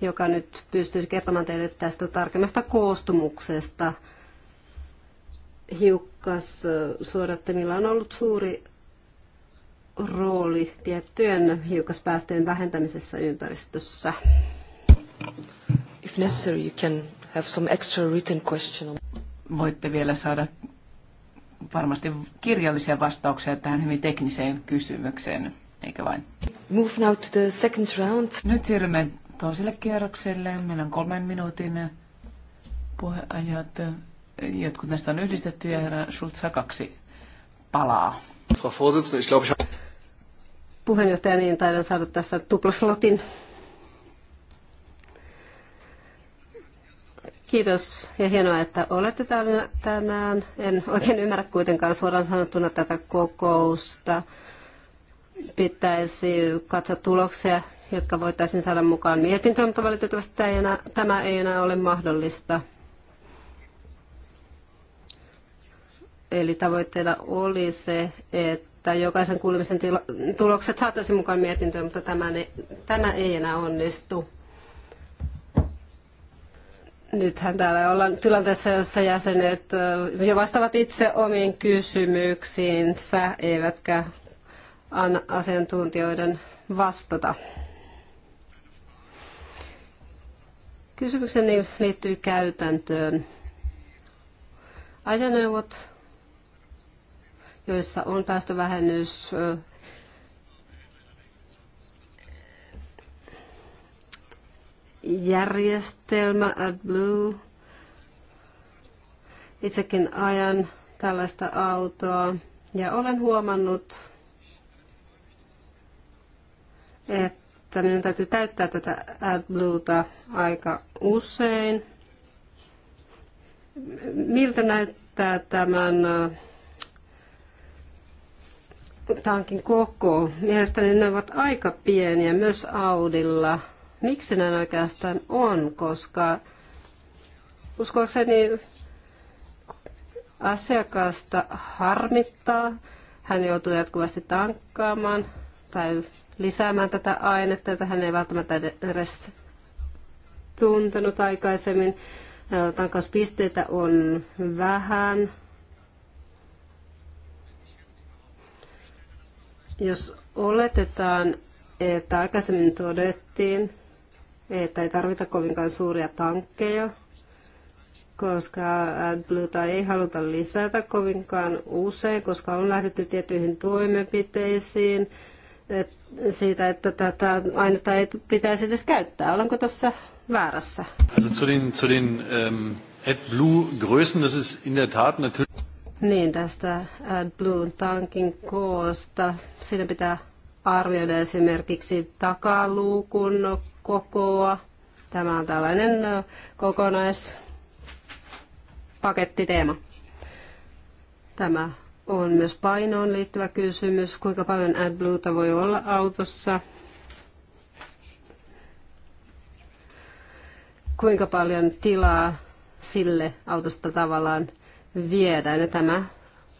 joka nyt pystyisi kertomaan teille tästä tarkemmasta koostumuksesta. Hiuk- hiukkassuodattimilla on ollut suuri rooli tiettyjen hiukkaspäästöjen vähentämisessä ympäristössä. If necessary, you can have some extra written question. Voitte vielä saada varmasti kirjallisia vastauksia tähän hyvin tekniseen kysymykseen, eikö vain? Move now to the second round. Nyt siirrymme toiselle kierrokselle. Meillä on kolmen minuutin puheajat. Jotkut näistä on yhdistetty ja herra Schulz saa kaksi palaa. Frau Vorsitzende, ich glaube, ich puheenjohtaja, niin taidan saada tässä tuplaslotin. Kiitos ja hienoa, että olette täällä tänään. En oikein ymmärrä kuitenkaan suoraan sanottuna tätä kokousta. Pitäisi katsoa tuloksia, jotka voitaisiin saada mukaan mietintöön, mutta valitettavasti tämä ei enää ole mahdollista. Eli tavoitteena oli se, että jokaisen kuulemisen tulokset saataisiin mukaan mietintöön, mutta tämä, ne, tämä ei enää onnistu. Nythän täällä ollaan tilanteessa, jossa jäsenet jo vastaavat itse omiin kysymyksiinsä, eivätkä anna asiantuntijoiden vastata. Kysymykseni liittyy käytäntöön. Ajoneuvot joissa on päästövähennys järjestelmä AdBlue. Itsekin ajan tällaista autoa ja olen huomannut, että minun täytyy täyttää tätä AdBluta aika usein. Miltä näyttää tämän tankin koko. Mielestäni ne ovat aika pieniä myös Audilla. Miksi näin oikeastaan on, koska uskoakseni asiakasta harmittaa. Hän joutuu jatkuvasti tankkaamaan tai lisäämään tätä ainetta, jota hän ei välttämättä edes tuntenut aikaisemmin. Tankauspisteitä on vähän Jos oletetaan, että aikaisemmin todettiin, että ei tarvita kovinkaan suuria tankkeja, koska AdBluta ei haluta lisätä kovinkaan usein, koska on lähdetty tiettyihin toimenpiteisiin et, siitä, että tätä ainetta ei pitäisi edes käyttää. Olenko tässä väärässä? Also zu den, zu den ähm, AdBlue-Größen, das ist in der Tat natürlich niin, tästä AdBlue tankin koosta. Siinä pitää arvioida esimerkiksi takaluukun kokoa. Tämä on tällainen kokonaispakettiteema. Tämä on myös painoon liittyvä kysymys, kuinka paljon AdBluta voi olla autossa, kuinka paljon tilaa sille autosta tavallaan viedään. Ja tämä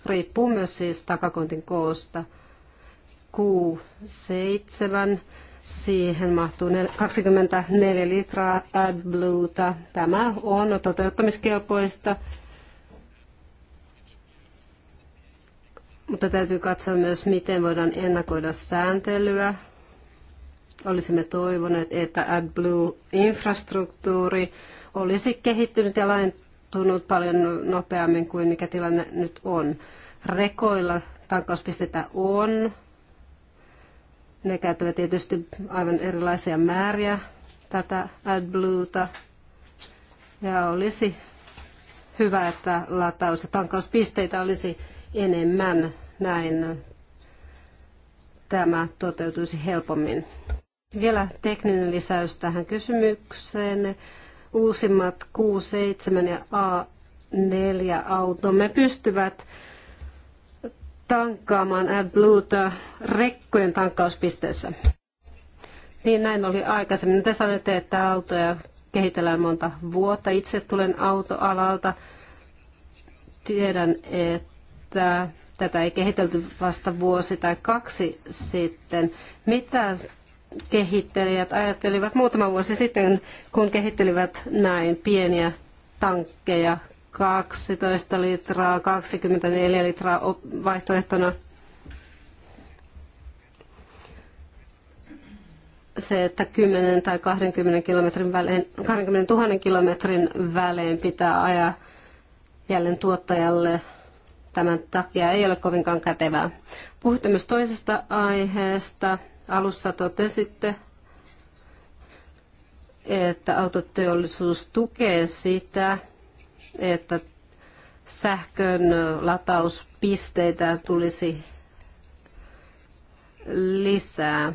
riippuu myös siis takakontin koosta. Q7, siihen mahtuu 24 litraa AdBluta. Tämä on toteuttamiskelpoista, mutta täytyy katsoa myös, miten voidaan ennakoida sääntelyä. Olisimme toivoneet, että AdBlue-infrastruktuuri olisi kehittynyt ja laajentunut tapahtunut paljon nopeammin kuin mikä tilanne nyt on. Rekoilla tankkauspisteitä on. Ne käyttävät tietysti aivan erilaisia määriä tätä AdBluta. Ja olisi hyvä, että lataus- ja tankkauspisteitä olisi enemmän. Näin tämä toteutuisi helpommin. Vielä tekninen lisäys tähän kysymykseen uusimmat Q7 ja A4 automme pystyvät tankkaamaan AdBluta rekkojen tankkauspisteessä. Niin näin oli aikaisemmin. Te sanoitte, että autoja kehitellään monta vuotta. Itse tulen autoalalta. Tiedän, että tätä ei kehitelty vasta vuosi tai kaksi sitten. Mitä kehittelijät ajattelivat muutama vuosi sitten, kun kehittelivät näin pieniä tankkeja, 12 litraa, 24 litraa vaihtoehtona. Se, että 10 tai 20, kilometrin välein, 20 000 kilometrin välein pitää ajaa jälleen tuottajalle tämän takia ei ole kovinkaan kätevää. Puhutte myös toisesta aiheesta, Alussa totesitte, että autoteollisuus tukee sitä, että sähkön latauspisteitä tulisi lisää.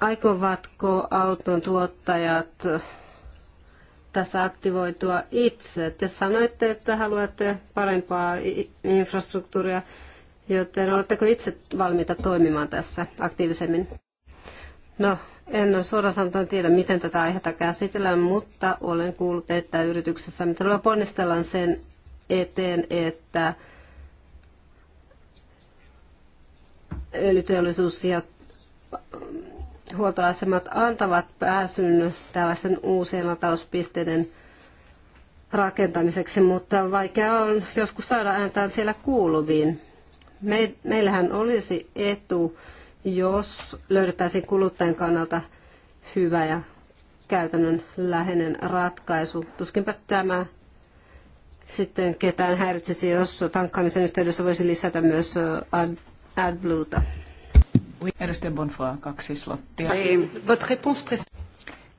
Aikovatko auton tuottajat tässä aktivoitua itse. Te sanoitte, että haluatte parempaa infrastruktuuria, joten oletteko itse valmiita toimimaan tässä aktiivisemmin? No, en ole suoraan sanotaan tiedä, miten tätä aihetta käsitellään, mutta olen kuullut, että yrityksessä me todella ponnistellaan sen eteen, että öljyteollisuus ja huoltoasemat antavat pääsyn tällaisten uusien latauspisteiden rakentamiseksi, mutta vaikea on joskus saada ääntään siellä kuuluviin. Me, meillähän olisi etu, jos löydettäisiin kuluttajan kannalta hyvä ja käytännön läheinen ratkaisu. Tuskinpä tämä sitten ketään häiritsisi, jos tankkaamisen yhteydessä voisi lisätä myös AdBluta. Ad Edustaja Bonfoa, kaksi slottia.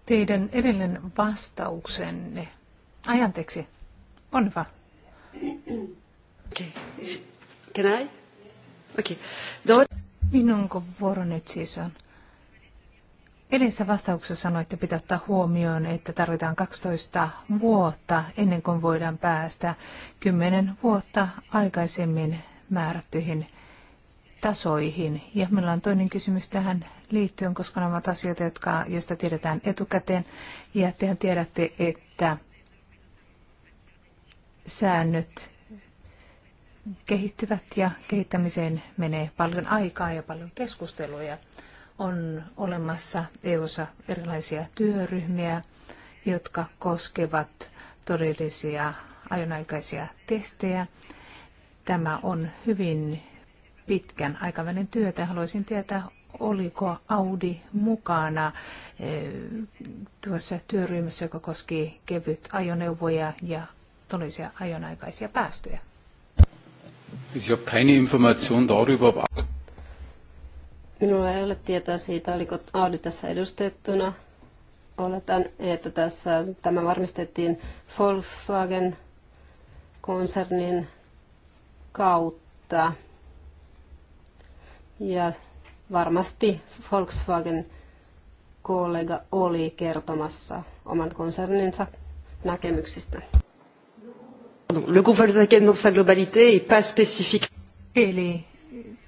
Teidän edellinen vastauksenne. Ajanteeksi. On va. Okay. Can I? Okay. Don't... Minunko vuoro nyt siis on? Edellisessä vastauksessa sanoitte, että pitää ottaa huomioon, että tarvitaan 12 vuotta ennen kuin voidaan päästä 10 vuotta aikaisemmin määrättyihin tasoihin. Ja meillä on toinen kysymys tähän liittyen, koska nämä ovat asioita, jotka, joista tiedetään etukäteen. Ja tehän tiedätte, että säännöt kehittyvät ja kehittämiseen menee paljon aikaa ja paljon keskusteluja. On olemassa EU:ssa erilaisia työryhmiä, jotka koskevat todellisia ajonaikaisia testejä. Tämä on hyvin pitkän aikavälin työtä. Haluaisin tietää, oliko Audi mukana eh, tuossa työryhmässä, joka koski kevyt ajoneuvoja ja todellisia ajonaikaisia päästöjä. Siis Minulla ei ole tietoa siitä, oliko Audi tässä edustettuna. Oletan, että tässä tämä varmistettiin Volkswagen-konsernin kautta. Ja varmasti Volkswagen kollega oli kertomassa oman konserninsa näkemyksistä. Le Volkswagen dans sa globalité et pas spécifique. Eli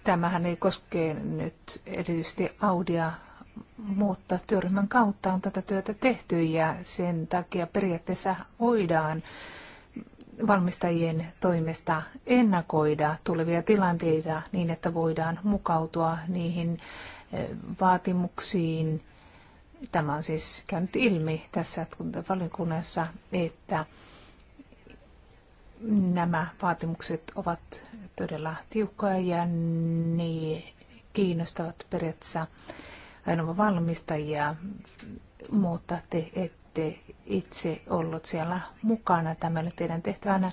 tämähän ei koske nyt erityisesti Audia, mutta työryhmän kautta on tätä työtä tehty ja sen takia periaatteessa voidaan valmistajien toimesta ennakoida tulevia tilanteita niin, että voidaan mukautua niihin eh, vaatimuksiin. Tämä on siis käynyt ilmi tässä valiokunnassa, että nämä vaatimukset ovat todella tiukkoja ja niin kiinnostavat periaatteessa ainoa valmistajia, mutta te et olette itse ollut siellä mukana. Tämä oli teidän tehtävänä,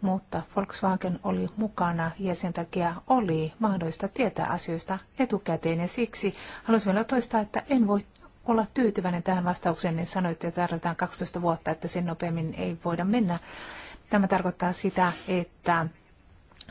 mutta Volkswagen oli mukana ja sen takia oli mahdollista tietää asioista etukäteen. Ja siksi haluaisin vielä toistaa, että en voi olla tyytyväinen tähän vastaukseen, niin sanoitte, että tarvitaan 12 vuotta, että sen nopeammin ei voida mennä. Tämä tarkoittaa sitä, että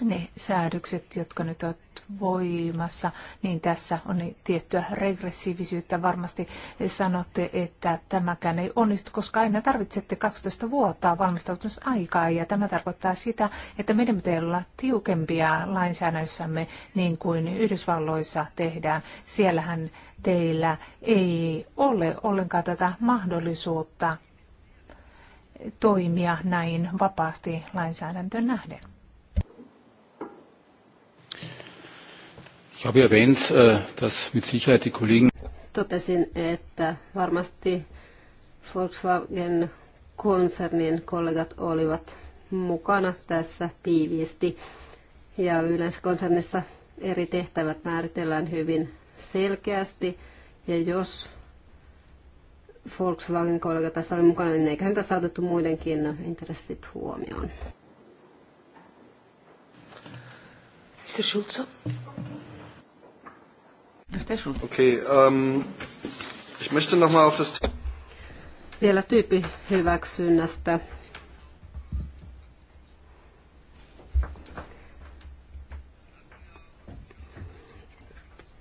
ne säädökset, jotka nyt ovat voimassa, niin tässä on tiettyä regressiivisyyttä. Varmasti sanotte, että tämäkään ei onnistu, koska aina tarvitsette 12 vuotta valmistautumisaikaa, ja tämä tarkoittaa sitä, että meidän pitää olla tiukempia lainsäädännössämme, niin kuin Yhdysvalloissa tehdään. Siellähän teillä ei ole ollenkaan tätä mahdollisuutta toimia näin vapaasti lainsäädäntöön nähden. Ich habe erwähnt, äh, dass mit Sicherheit die Kollegen Totesin, että varmasti Volkswagen-konsernin kollegat olivat mukana tässä tiiviisti. Ja yleensä konsernissa eri tehtävät määritellään hyvin selkeästi. Ja jos Volkswagen-kollega tässä oli mukana, niin eiköhän tässä otettu muidenkin intressit huomioon. Mr. Schulze. Okay, um, ich möchte noch mal auf das... Vielä tyyppihyväksynnästä.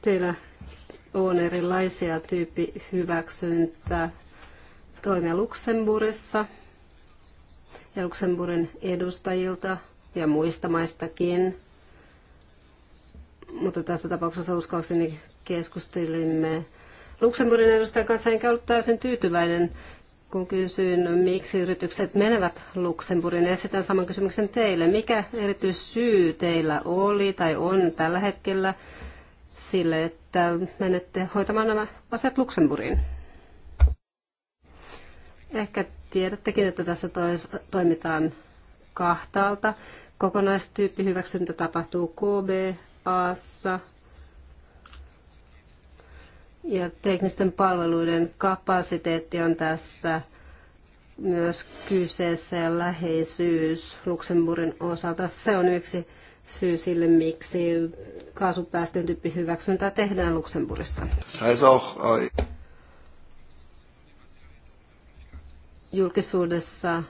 Teillä on erilaisia tyyppihyväksyntä toimia Luxemburgissa ja Luxemburgin edustajilta ja muista maistakin. Mutta tässä tapauksessa uskoakseni keskustelimme Luxemburgin edustajan kanssa, enkä ollut täysin tyytyväinen, kun kysyin, miksi yritykset menevät Luxemburgin. Esitän saman kysymyksen teille. Mikä erityissyy teillä oli tai on tällä hetkellä sille, että menette hoitamaan nämä asiat Luxemburgiin? Ehkä tiedättekin, että tässä toimitaan kahtaalta. Kokonaistyyppi hyväksyntä tapahtuu KBAssa ja teknisten palveluiden kapasiteetti on tässä myös kyseessä ja läheisyys Luxemburgin osalta. Se on yksi syy sille, miksi kaasupäästön hyväksyntää tehdään Luxemburgissa. Äh, Julkisuudessa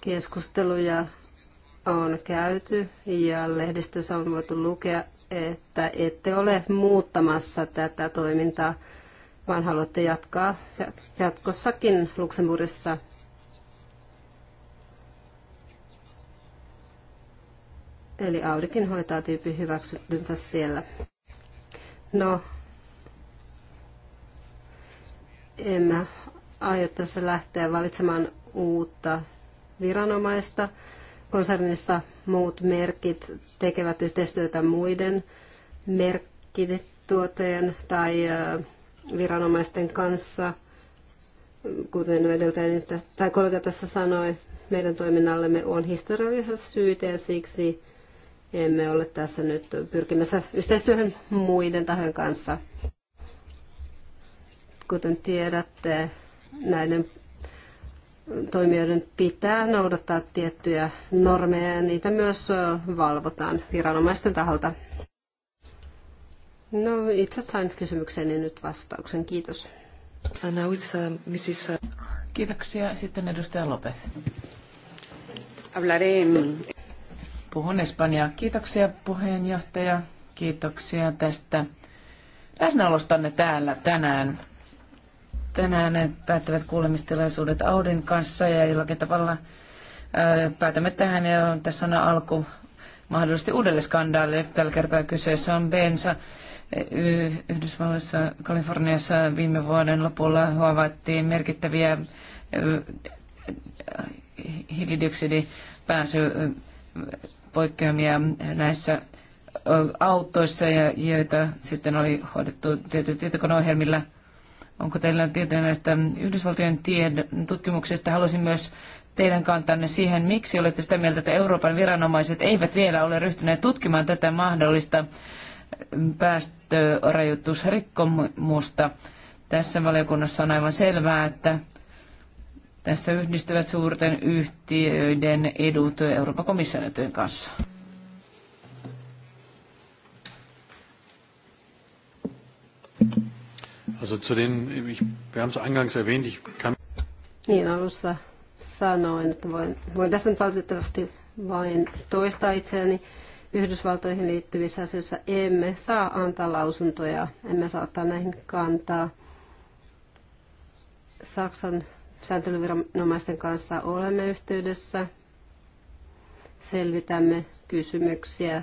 keskusteluja on käyty ja lehdistössä on voitu lukea, että ette ole muuttamassa tätä toimintaa, vaan haluatte jatkaa jatkossakin Luxemburgissa. Eli Audikin hoitaa tyyppi hyväksytynsä siellä. No, en mä aio tässä lähteä valitsemaan uutta viranomaista konsernissa muut merkit tekevät yhteistyötä muiden merkkituotteen tai viranomaisten kanssa. Kuten edeltäjäni tai kollega tässä sanoi, meidän toiminnallemme on historiallisessa syytä ja siksi emme ole tässä nyt pyrkimässä yhteistyöhön muiden tahojen kanssa. Kuten tiedätte, näiden toimijoiden pitää noudattaa tiettyjä normeja ja niitä myös valvotaan viranomaisten taholta. No, itse sain kysymykseeni nyt vastauksen. Kiitos. Um, uh, Kiitoksia. Sitten edustaja Lopez. Puhun Espanjaa. Kiitoksia puheenjohtaja. Kiitoksia tästä läsnäolostanne täällä tänään tänään päättävät kuulemistilaisuudet Audin kanssa ja jollakin tavalla päätämme tähän ja tässä on alku mahdollisesti uudelle skandaalille. Tällä kertaa kyseessä on bensa. Yhdysvalloissa, Kaliforniassa viime vuoden lopulla huovattiin merkittäviä hiilidioksidipääsypoikkeamia näissä autoissa, joita sitten oli hoidettu tietyillä tietokoneohjelmilla – Onko teillä tietoja näistä Yhdysvaltojen tied- tutkimuksista? Haluaisin myös teidän kantanne siihen, miksi olette sitä mieltä, että Euroopan viranomaiset eivät vielä ole ryhtyneet tutkimaan tätä mahdollista päästörajoitusrikkomusta. Tässä valiokunnassa on aivan selvää, että tässä yhdistyvät suurten yhtiöiden edut Euroopan komission kanssa. Also zu den, ich, wir haben es eingangs erwähnt, ich kann... Niin alussa sanoin, että voin, voin tässä nyt valitettavasti vain toistaa itseäni. Yhdysvaltoihin liittyvissä asioissa emme saa antaa lausuntoja, emme saa ottaa näihin kantaa. Saksan sääntelyviranomaisten kanssa olemme yhteydessä. Selvitämme kysymyksiä,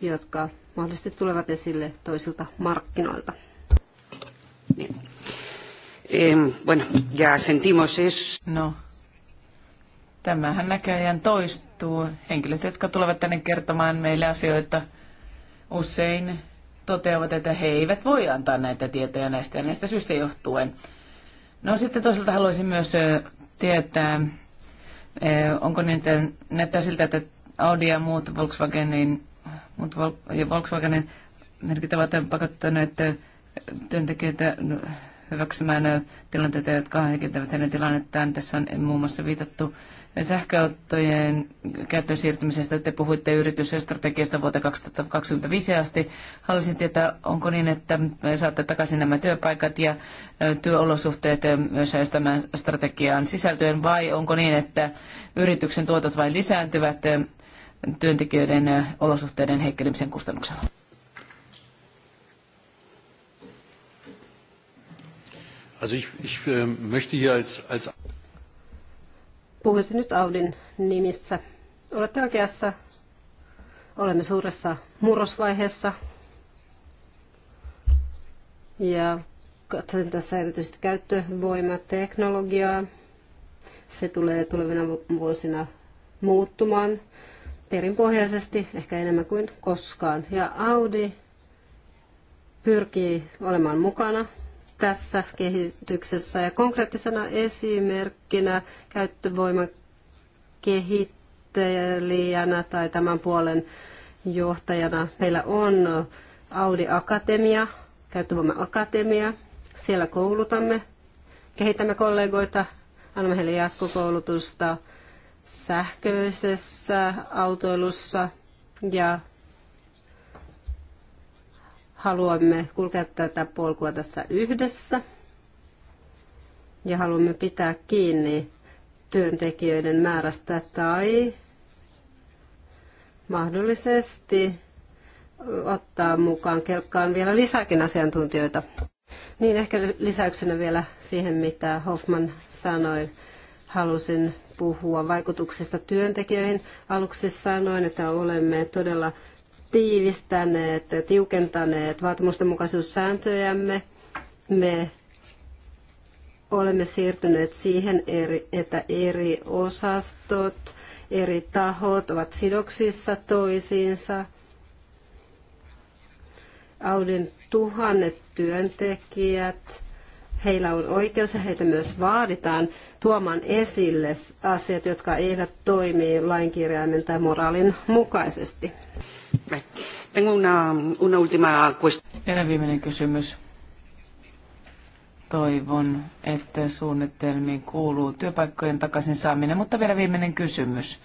jotka mahdollisesti tulevat esille toisilta markkinoilta. Bien. Eh, bueno, sentimos es... No. Tämähän näköjään toistuu. Henkilöt, jotka tulevat tänne kertomaan meille asioita, usein toteavat, että he eivät voi antaa näitä tietoja näistä ja näistä syistä johtuen. No sitten toisaalta haluaisin myös tietää, onko niitä, näyttää siltä, että Audi ja muut Volkswagenin, muut Vol- ja Volkswagenin merkit ovat pakottaneet työntekijöitä no, hyväksymään tilanteita, jotka heikentävät heidän tilannettaan. Tässä on muun muassa viitattu sähköautojen käyttöön siirtymisestä. Te puhuitte yritys- ja strategiasta vuoteen 2025 asti. Haluaisin tietää, onko niin, että saatte takaisin nämä työpaikat ja työolosuhteet myös tämän strategiaan sisältyen, vai onko niin, että yrityksen tuotot vain lisääntyvät työntekijöiden olosuhteiden heikkenemisen kustannuksella? Also ich, ich äh, möchte hier als, als Puhuisin nyt Audin nimissä. Olette oikeassa. Olemme suuressa murrosvaiheessa. Ja katsoin tässä erityisesti käyttövoimateknologiaa. Se tulee tulevina vuosina muuttumaan perinpohjaisesti, ehkä enemmän kuin koskaan. Ja Audi pyrkii olemaan mukana tässä kehityksessä. Ja konkreettisena esimerkkinä käyttövoiman kehittäjänä tai tämän puolen johtajana meillä on Audi Akatemia, käyttövoiman akatemia. Siellä koulutamme, kehitämme kollegoita, annamme heille jatkokoulutusta sähköisessä autoilussa ja haluamme kulkea tätä polkua tässä yhdessä ja haluamme pitää kiinni työntekijöiden määrästä tai mahdollisesti ottaa mukaan kelkkaan vielä lisääkin asiantuntijoita. Niin ehkä lisäyksenä vielä siihen, mitä Hoffman sanoi, halusin puhua vaikutuksista työntekijöihin. Aluksi sanoin, että olemme todella tiivistäneet ja tiukentaneet vaatimustenmukaisuussääntöjämme. Me olemme siirtyneet siihen, että eri osastot, eri tahot ovat sidoksissa toisiinsa. Audin tuhannet työntekijät, heillä on oikeus ja heitä myös vaaditaan tuomaan esille asiat, jotka eivät toimi lainkirjaimen tai moraalin mukaisesti. Tengo una, una última cuestión. Vielä viimeinen kysymys. Toivon, että suunnitelmiin kuuluu työpaikkojen takaisin saaminen, mutta vielä viimeinen kysymys.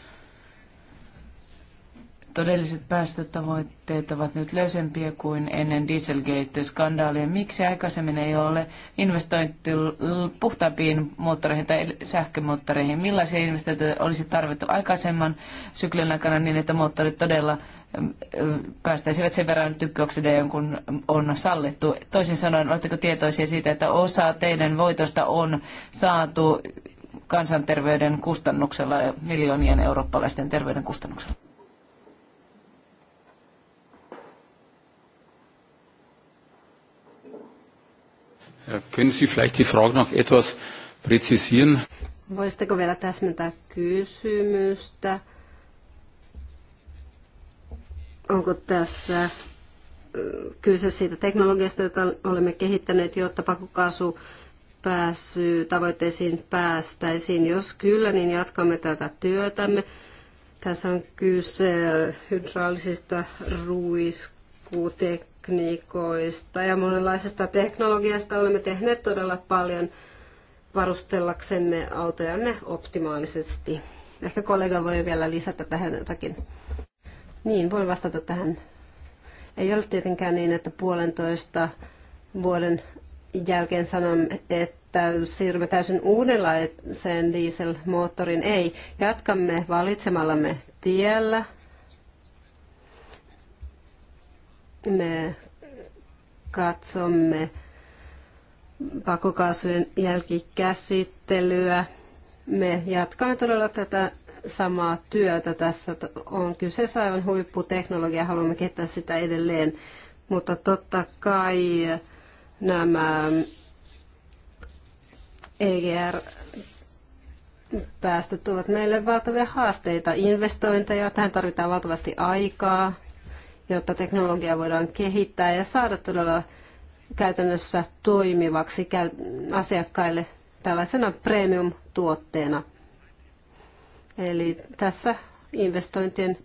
Todelliset päästötavoitteet ovat nyt löysempiä kuin ennen Dieselgate-skandaalia. Miksi aikaisemmin ei ole investoitu puhtaampiin moottoreihin tai sähkömoottoreihin? Millaisia investointeja olisi tarvittu aikaisemman syklin aikana niin, että moottorit todella mm, päästäisivät sen verran typpioksideja, kun on sallittu? Toisin sanoen, oletteko tietoisia siitä, että osa teidän voitosta on saatu kansanterveyden kustannuksella, miljoonien eurooppalaisten terveyden kustannuksella? Äh, können Sie vielleicht die Frage noch etwas präzisieren? Voisitteko vielä täsmentää kysymystä? Onko tässä äh, kyse siitä teknologiasta, jota olemme kehittäneet, jotta pakokaasu pääsyy tavoitteisiin päästäisiin? Jos kyllä, niin jatkamme tätä työtämme. Tässä on kyse hydraulisista ruiskuteknologiasta tekniikoista ja monenlaisesta teknologiasta olemme tehneet todella paljon varustellaksemme autojamme optimaalisesti. Ehkä kollega voi vielä lisätä tähän jotakin. Niin, voin vastata tähän. Ei ole tietenkään niin, että puolentoista vuoden jälkeen sanomme, että siirrymme täysin uudenlaiseen dieselmoottoriin. Ei, jatkamme valitsemallamme tiellä – Me katsomme pakokaasujen jälkikäsittelyä. Me jatkamme todella tätä samaa työtä tässä. On kyseessä aivan huipputeknologia, haluamme kehittää sitä edelleen. Mutta totta kai nämä EGR-päästöt tuovat meille valtavia haasteita, investointeja, tähän tarvitaan valtavasti aikaa, jotta teknologiaa voidaan kehittää ja saada todella käytännössä toimivaksi asiakkaille tällaisena premium-tuotteena. Eli tässä investointien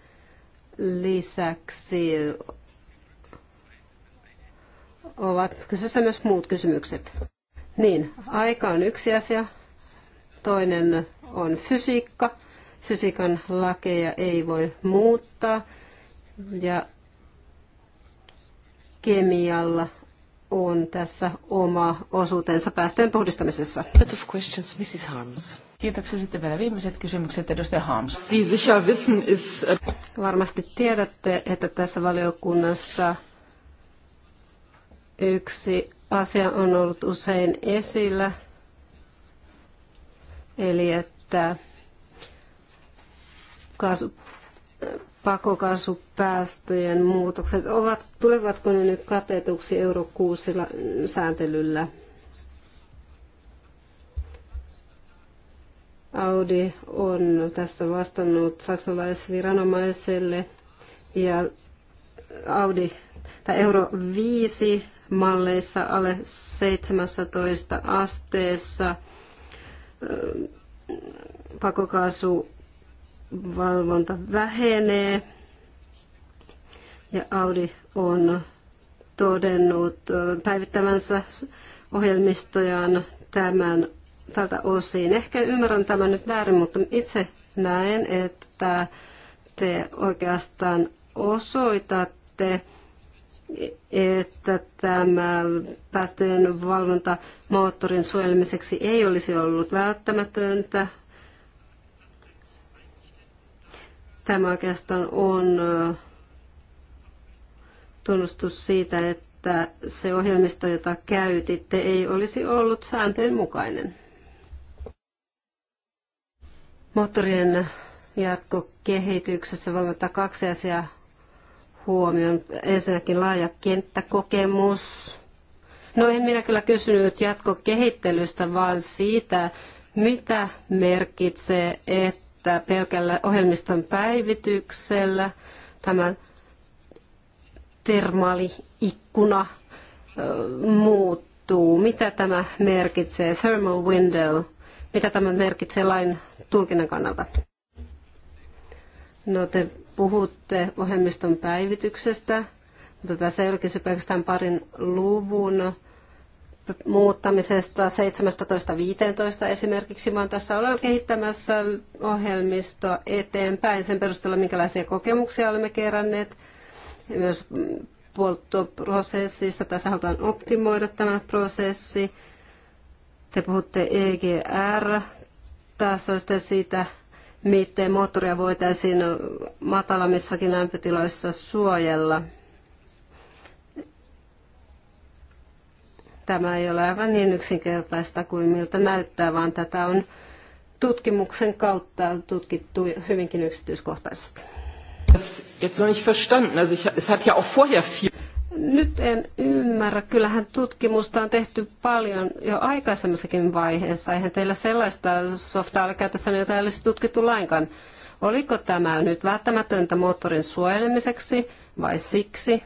lisäksi ovat kyseessä myös muut kysymykset. Niin, aika on yksi asia. Toinen on fysiikka. Fysiikan lakeja ei voi muuttaa. Ja kemialla on tässä oma osuutensa päästöjen puhdistamisessa. of questions, Mrs. Harms. Kiitoksia sitten vielä viimeiset kysymykset, edustaja Harms. Sie sicher äh, Varmasti tiedätte, että tässä valiokunnassa yksi asia on ollut usein esillä, eli että kaasu, pakokaasupäästöjen muutokset, ovat, tulevatko ne nyt katetuksi Euro 6 sääntelyllä? Audi on tässä vastannut saksalaisviranomaiselle ja Audi tai Euro 5 malleissa alle 17 asteessa pakokaasu valvonta vähenee ja Audi on todennut päivittävänsä ohjelmistojaan tämän, tältä osin. Ehkä ymmärrän tämän nyt väärin, mutta itse näen, että te oikeastaan osoitatte, että tämä päästöjen valvonta moottorin suojelmiseksi ei olisi ollut välttämätöntä, Tämä oikeastaan on tunnustus siitä, että se ohjelmisto, jota käytitte, ei olisi ollut sääntöjen mukainen. Moottorien jatkokehityksessä voimme ottaa kaksi asiaa huomioon. Ensinnäkin laaja kenttäkokemus. No en minä kyllä kysynyt jatkokehittelystä, vaan siitä, mitä merkitsee, että että pelkällä ohjelmiston päivityksellä tämä termaaliikkuna muuttuu. Mitä tämä merkitsee? Thermal window. Mitä tämä merkitsee lain tulkinnan kannalta? No te puhutte ohjelmiston päivityksestä, mutta tässä ei ole kyse pelkästään parin luvun muuttamisesta 17-15 esimerkiksi, vaan tässä ollaan kehittämässä ohjelmistoa eteenpäin sen perusteella, minkälaisia kokemuksia olemme keränneet. Myös polttoprosessista, tässä halutaan optimoida tämä prosessi. Te puhutte EGR-tasoista siitä, miten moottoria voitaisiin matalammissakin lämpötiloissa suojella. Tämä ei ole aivan niin yksinkertaista kuin miltä näyttää, vaan tätä on tutkimuksen kautta tutkittu hyvinkin yksityiskohtaisesti. Nyt en ymmärrä. Kyllähän tutkimusta on tehty paljon jo aikaisemmassakin vaiheessa. Eihän teillä sellaista softaa ole käytössä, jota ei olisi tutkittu lainkaan. Oliko tämä nyt välttämätöntä moottorin suojelemiseksi vai siksi,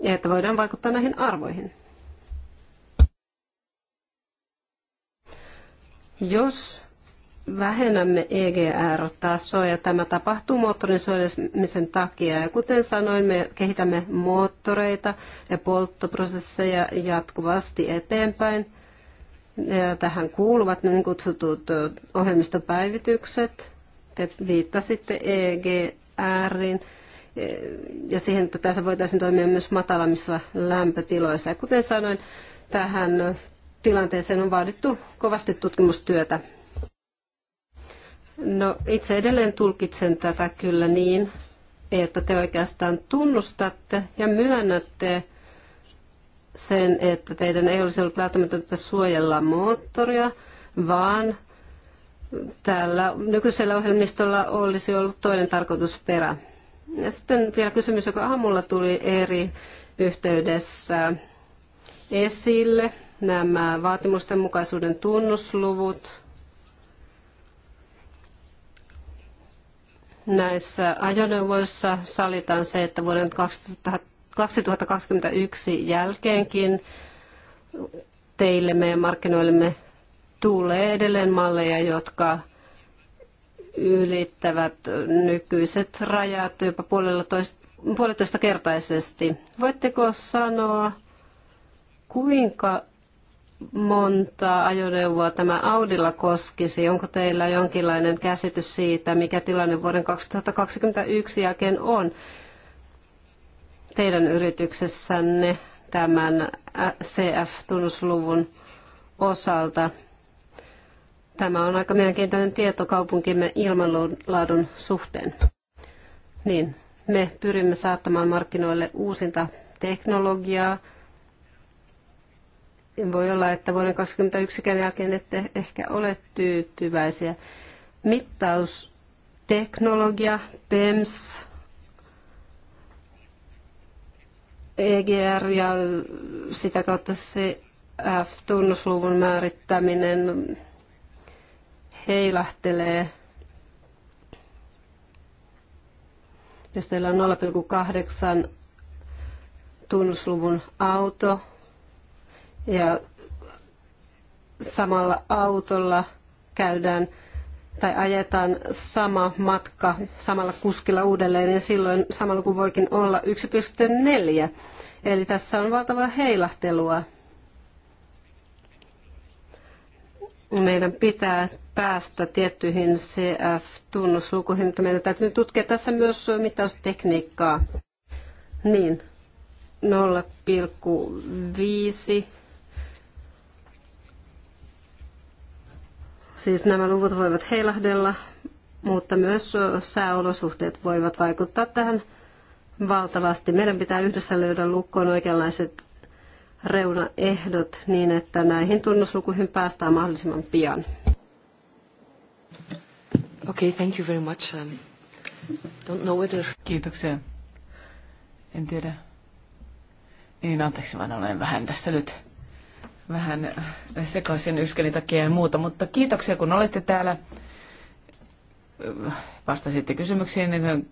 ja että voidaan vaikuttaa näihin arvoihin. Jos vähennämme EGR-tasoa ja tämä tapahtuu moottorin suojelemisen takia. Ja kuten sanoin, me kehitämme moottoreita ja polttoprosesseja jatkuvasti eteenpäin. Ja tähän kuuluvat niin kutsutut ohjelmistopäivitykset. Te viittasitte EGRin ja siihen, että tässä voitaisiin toimia myös matalammissa lämpötiloissa. Ja kuten sanoin, tähän tilanteeseen on vaadittu kovasti tutkimustyötä. No, itse edelleen tulkitsen tätä kyllä niin, että te oikeastaan tunnustatte ja myönnätte sen, että teidän ei olisi ollut välttämätöntä suojella moottoria, vaan tällä nykyisellä ohjelmistolla olisi ollut toinen tarkoitusperä. Ja sitten vielä kysymys, joka aamulla tuli eri yhteydessä esille, nämä vaatimusten mukaisuuden tunnusluvut. Näissä ajoneuvoissa salitaan se, että vuoden 2021 jälkeenkin teille ja markkinoillemme tulee edelleen malleja, jotka ylittävät nykyiset rajat jopa puolitoista kertaisesti. Voitteko sanoa, kuinka monta ajoneuvoa tämä Audilla koskisi? Onko teillä jonkinlainen käsitys siitä, mikä tilanne vuoden 2021 jälkeen on teidän yrityksessänne tämän CF-tunnusluvun osalta? Tämä on aika mielenkiintoinen tieto kaupunkimme ilmanlaadun suhteen. Niin, me pyrimme saattamaan markkinoille uusinta teknologiaa. Voi olla, että vuoden 2021 jälkeen ette ehkä ole tyytyväisiä. Mittausteknologia, PEMS, EGR ja sitä kautta f tunnusluvun määrittäminen heilahtelee. Jos teillä on 0,8 tunnusluvun auto ja samalla autolla käydään tai ajetaan sama matka samalla kuskilla uudelleen niin silloin samalla kun voikin olla 1,4. Eli tässä on valtavaa heilahtelua. meidän pitää päästä tiettyihin CF-tunnuslukuihin, mutta meidän täytyy tutkia tässä myös mittaustekniikkaa. Niin, 0,5. Siis nämä luvut voivat heilahdella, mutta myös sääolosuhteet voivat vaikuttaa tähän valtavasti. Meidän pitää yhdessä löydä lukkoon oikeanlaiset reunaehdot niin, että näihin tunnuslukuihin päästään mahdollisimman pian. Okay, thank you very much. Um, don't know whether... Kiitoksia. En tiedä. Niin, anteeksi vaan olen vähän tässä nyt vähän sekaisin yskeli takia ja muuta, mutta kiitoksia kun olette täällä. Vastasitte kysymyksiin,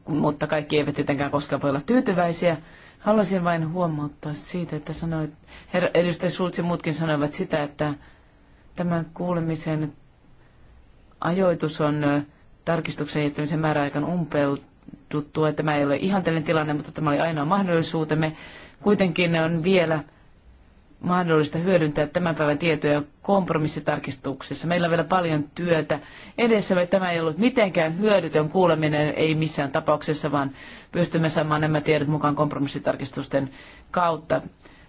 mutta kaikki eivät tietenkään koskaan voi olla tyytyväisiä Haluaisin vain huomauttaa siitä, että sanoit, herra edustaja Sultsi muutkin sanoivat sitä, että tämän kuulemisen ajoitus on tarkistuksen jättämisen määräaikan umpeuduttua. Tämä ei ole ihanteellinen tilanne, mutta tämä oli aina mahdollisuutemme. Kuitenkin ne on vielä mahdollista hyödyntää tämän päivän tietoja kompromissitarkistuksessa. Meillä on vielä paljon työtä edessä. Tämä ei ollut mitenkään hyödytön kuuleminen, ei missään tapauksessa, vaan pystymme saamaan nämä tiedot mukaan kompromissitarkistusten kautta.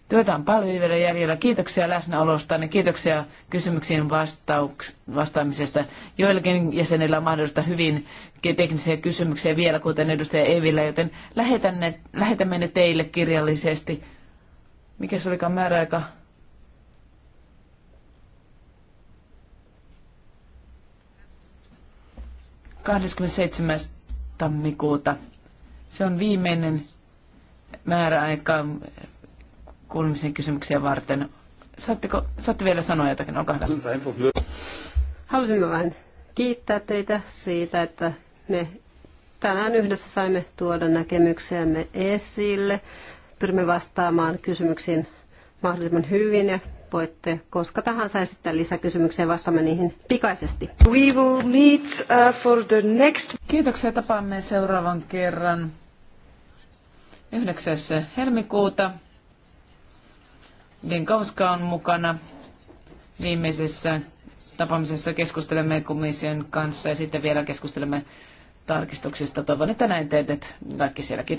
Työtä on paljon vielä jäljellä. Kiitoksia läsnäolostanne, kiitoksia kysymyksiin vastauks- vastaamisesta. Joillakin jäsenillä on mahdollista hyvin teknisiä kysymyksiä vielä, kuten edustaja Evillä, joten lähetämme ne teille kirjallisesti mikä se olikaan määräaika? tammikuuta. Se on viimeinen määräaika kuulumisen kysymyksiä varten. Saatteko, saatte vielä sanoa jotakin, olkaa hyvä. Haluaisin vain kiittää teitä siitä, että me tänään yhdessä saimme tuoda näkemyksiämme esille pyrimme vastaamaan kysymyksiin mahdollisimman hyvin ja voitte koska tahansa esittää lisäkysymyksiä vastaamme niihin pikaisesti. We will meet uh, for the next... Kiitoksia tapaamme seuraavan kerran 9. helmikuuta. Denkowska on mukana viimeisessä tapaamisessa keskustelemme komission kanssa ja sitten vielä keskustelemme tarkistuksista. Toivon, että näin teet kaikki siellä. Kiitoksia.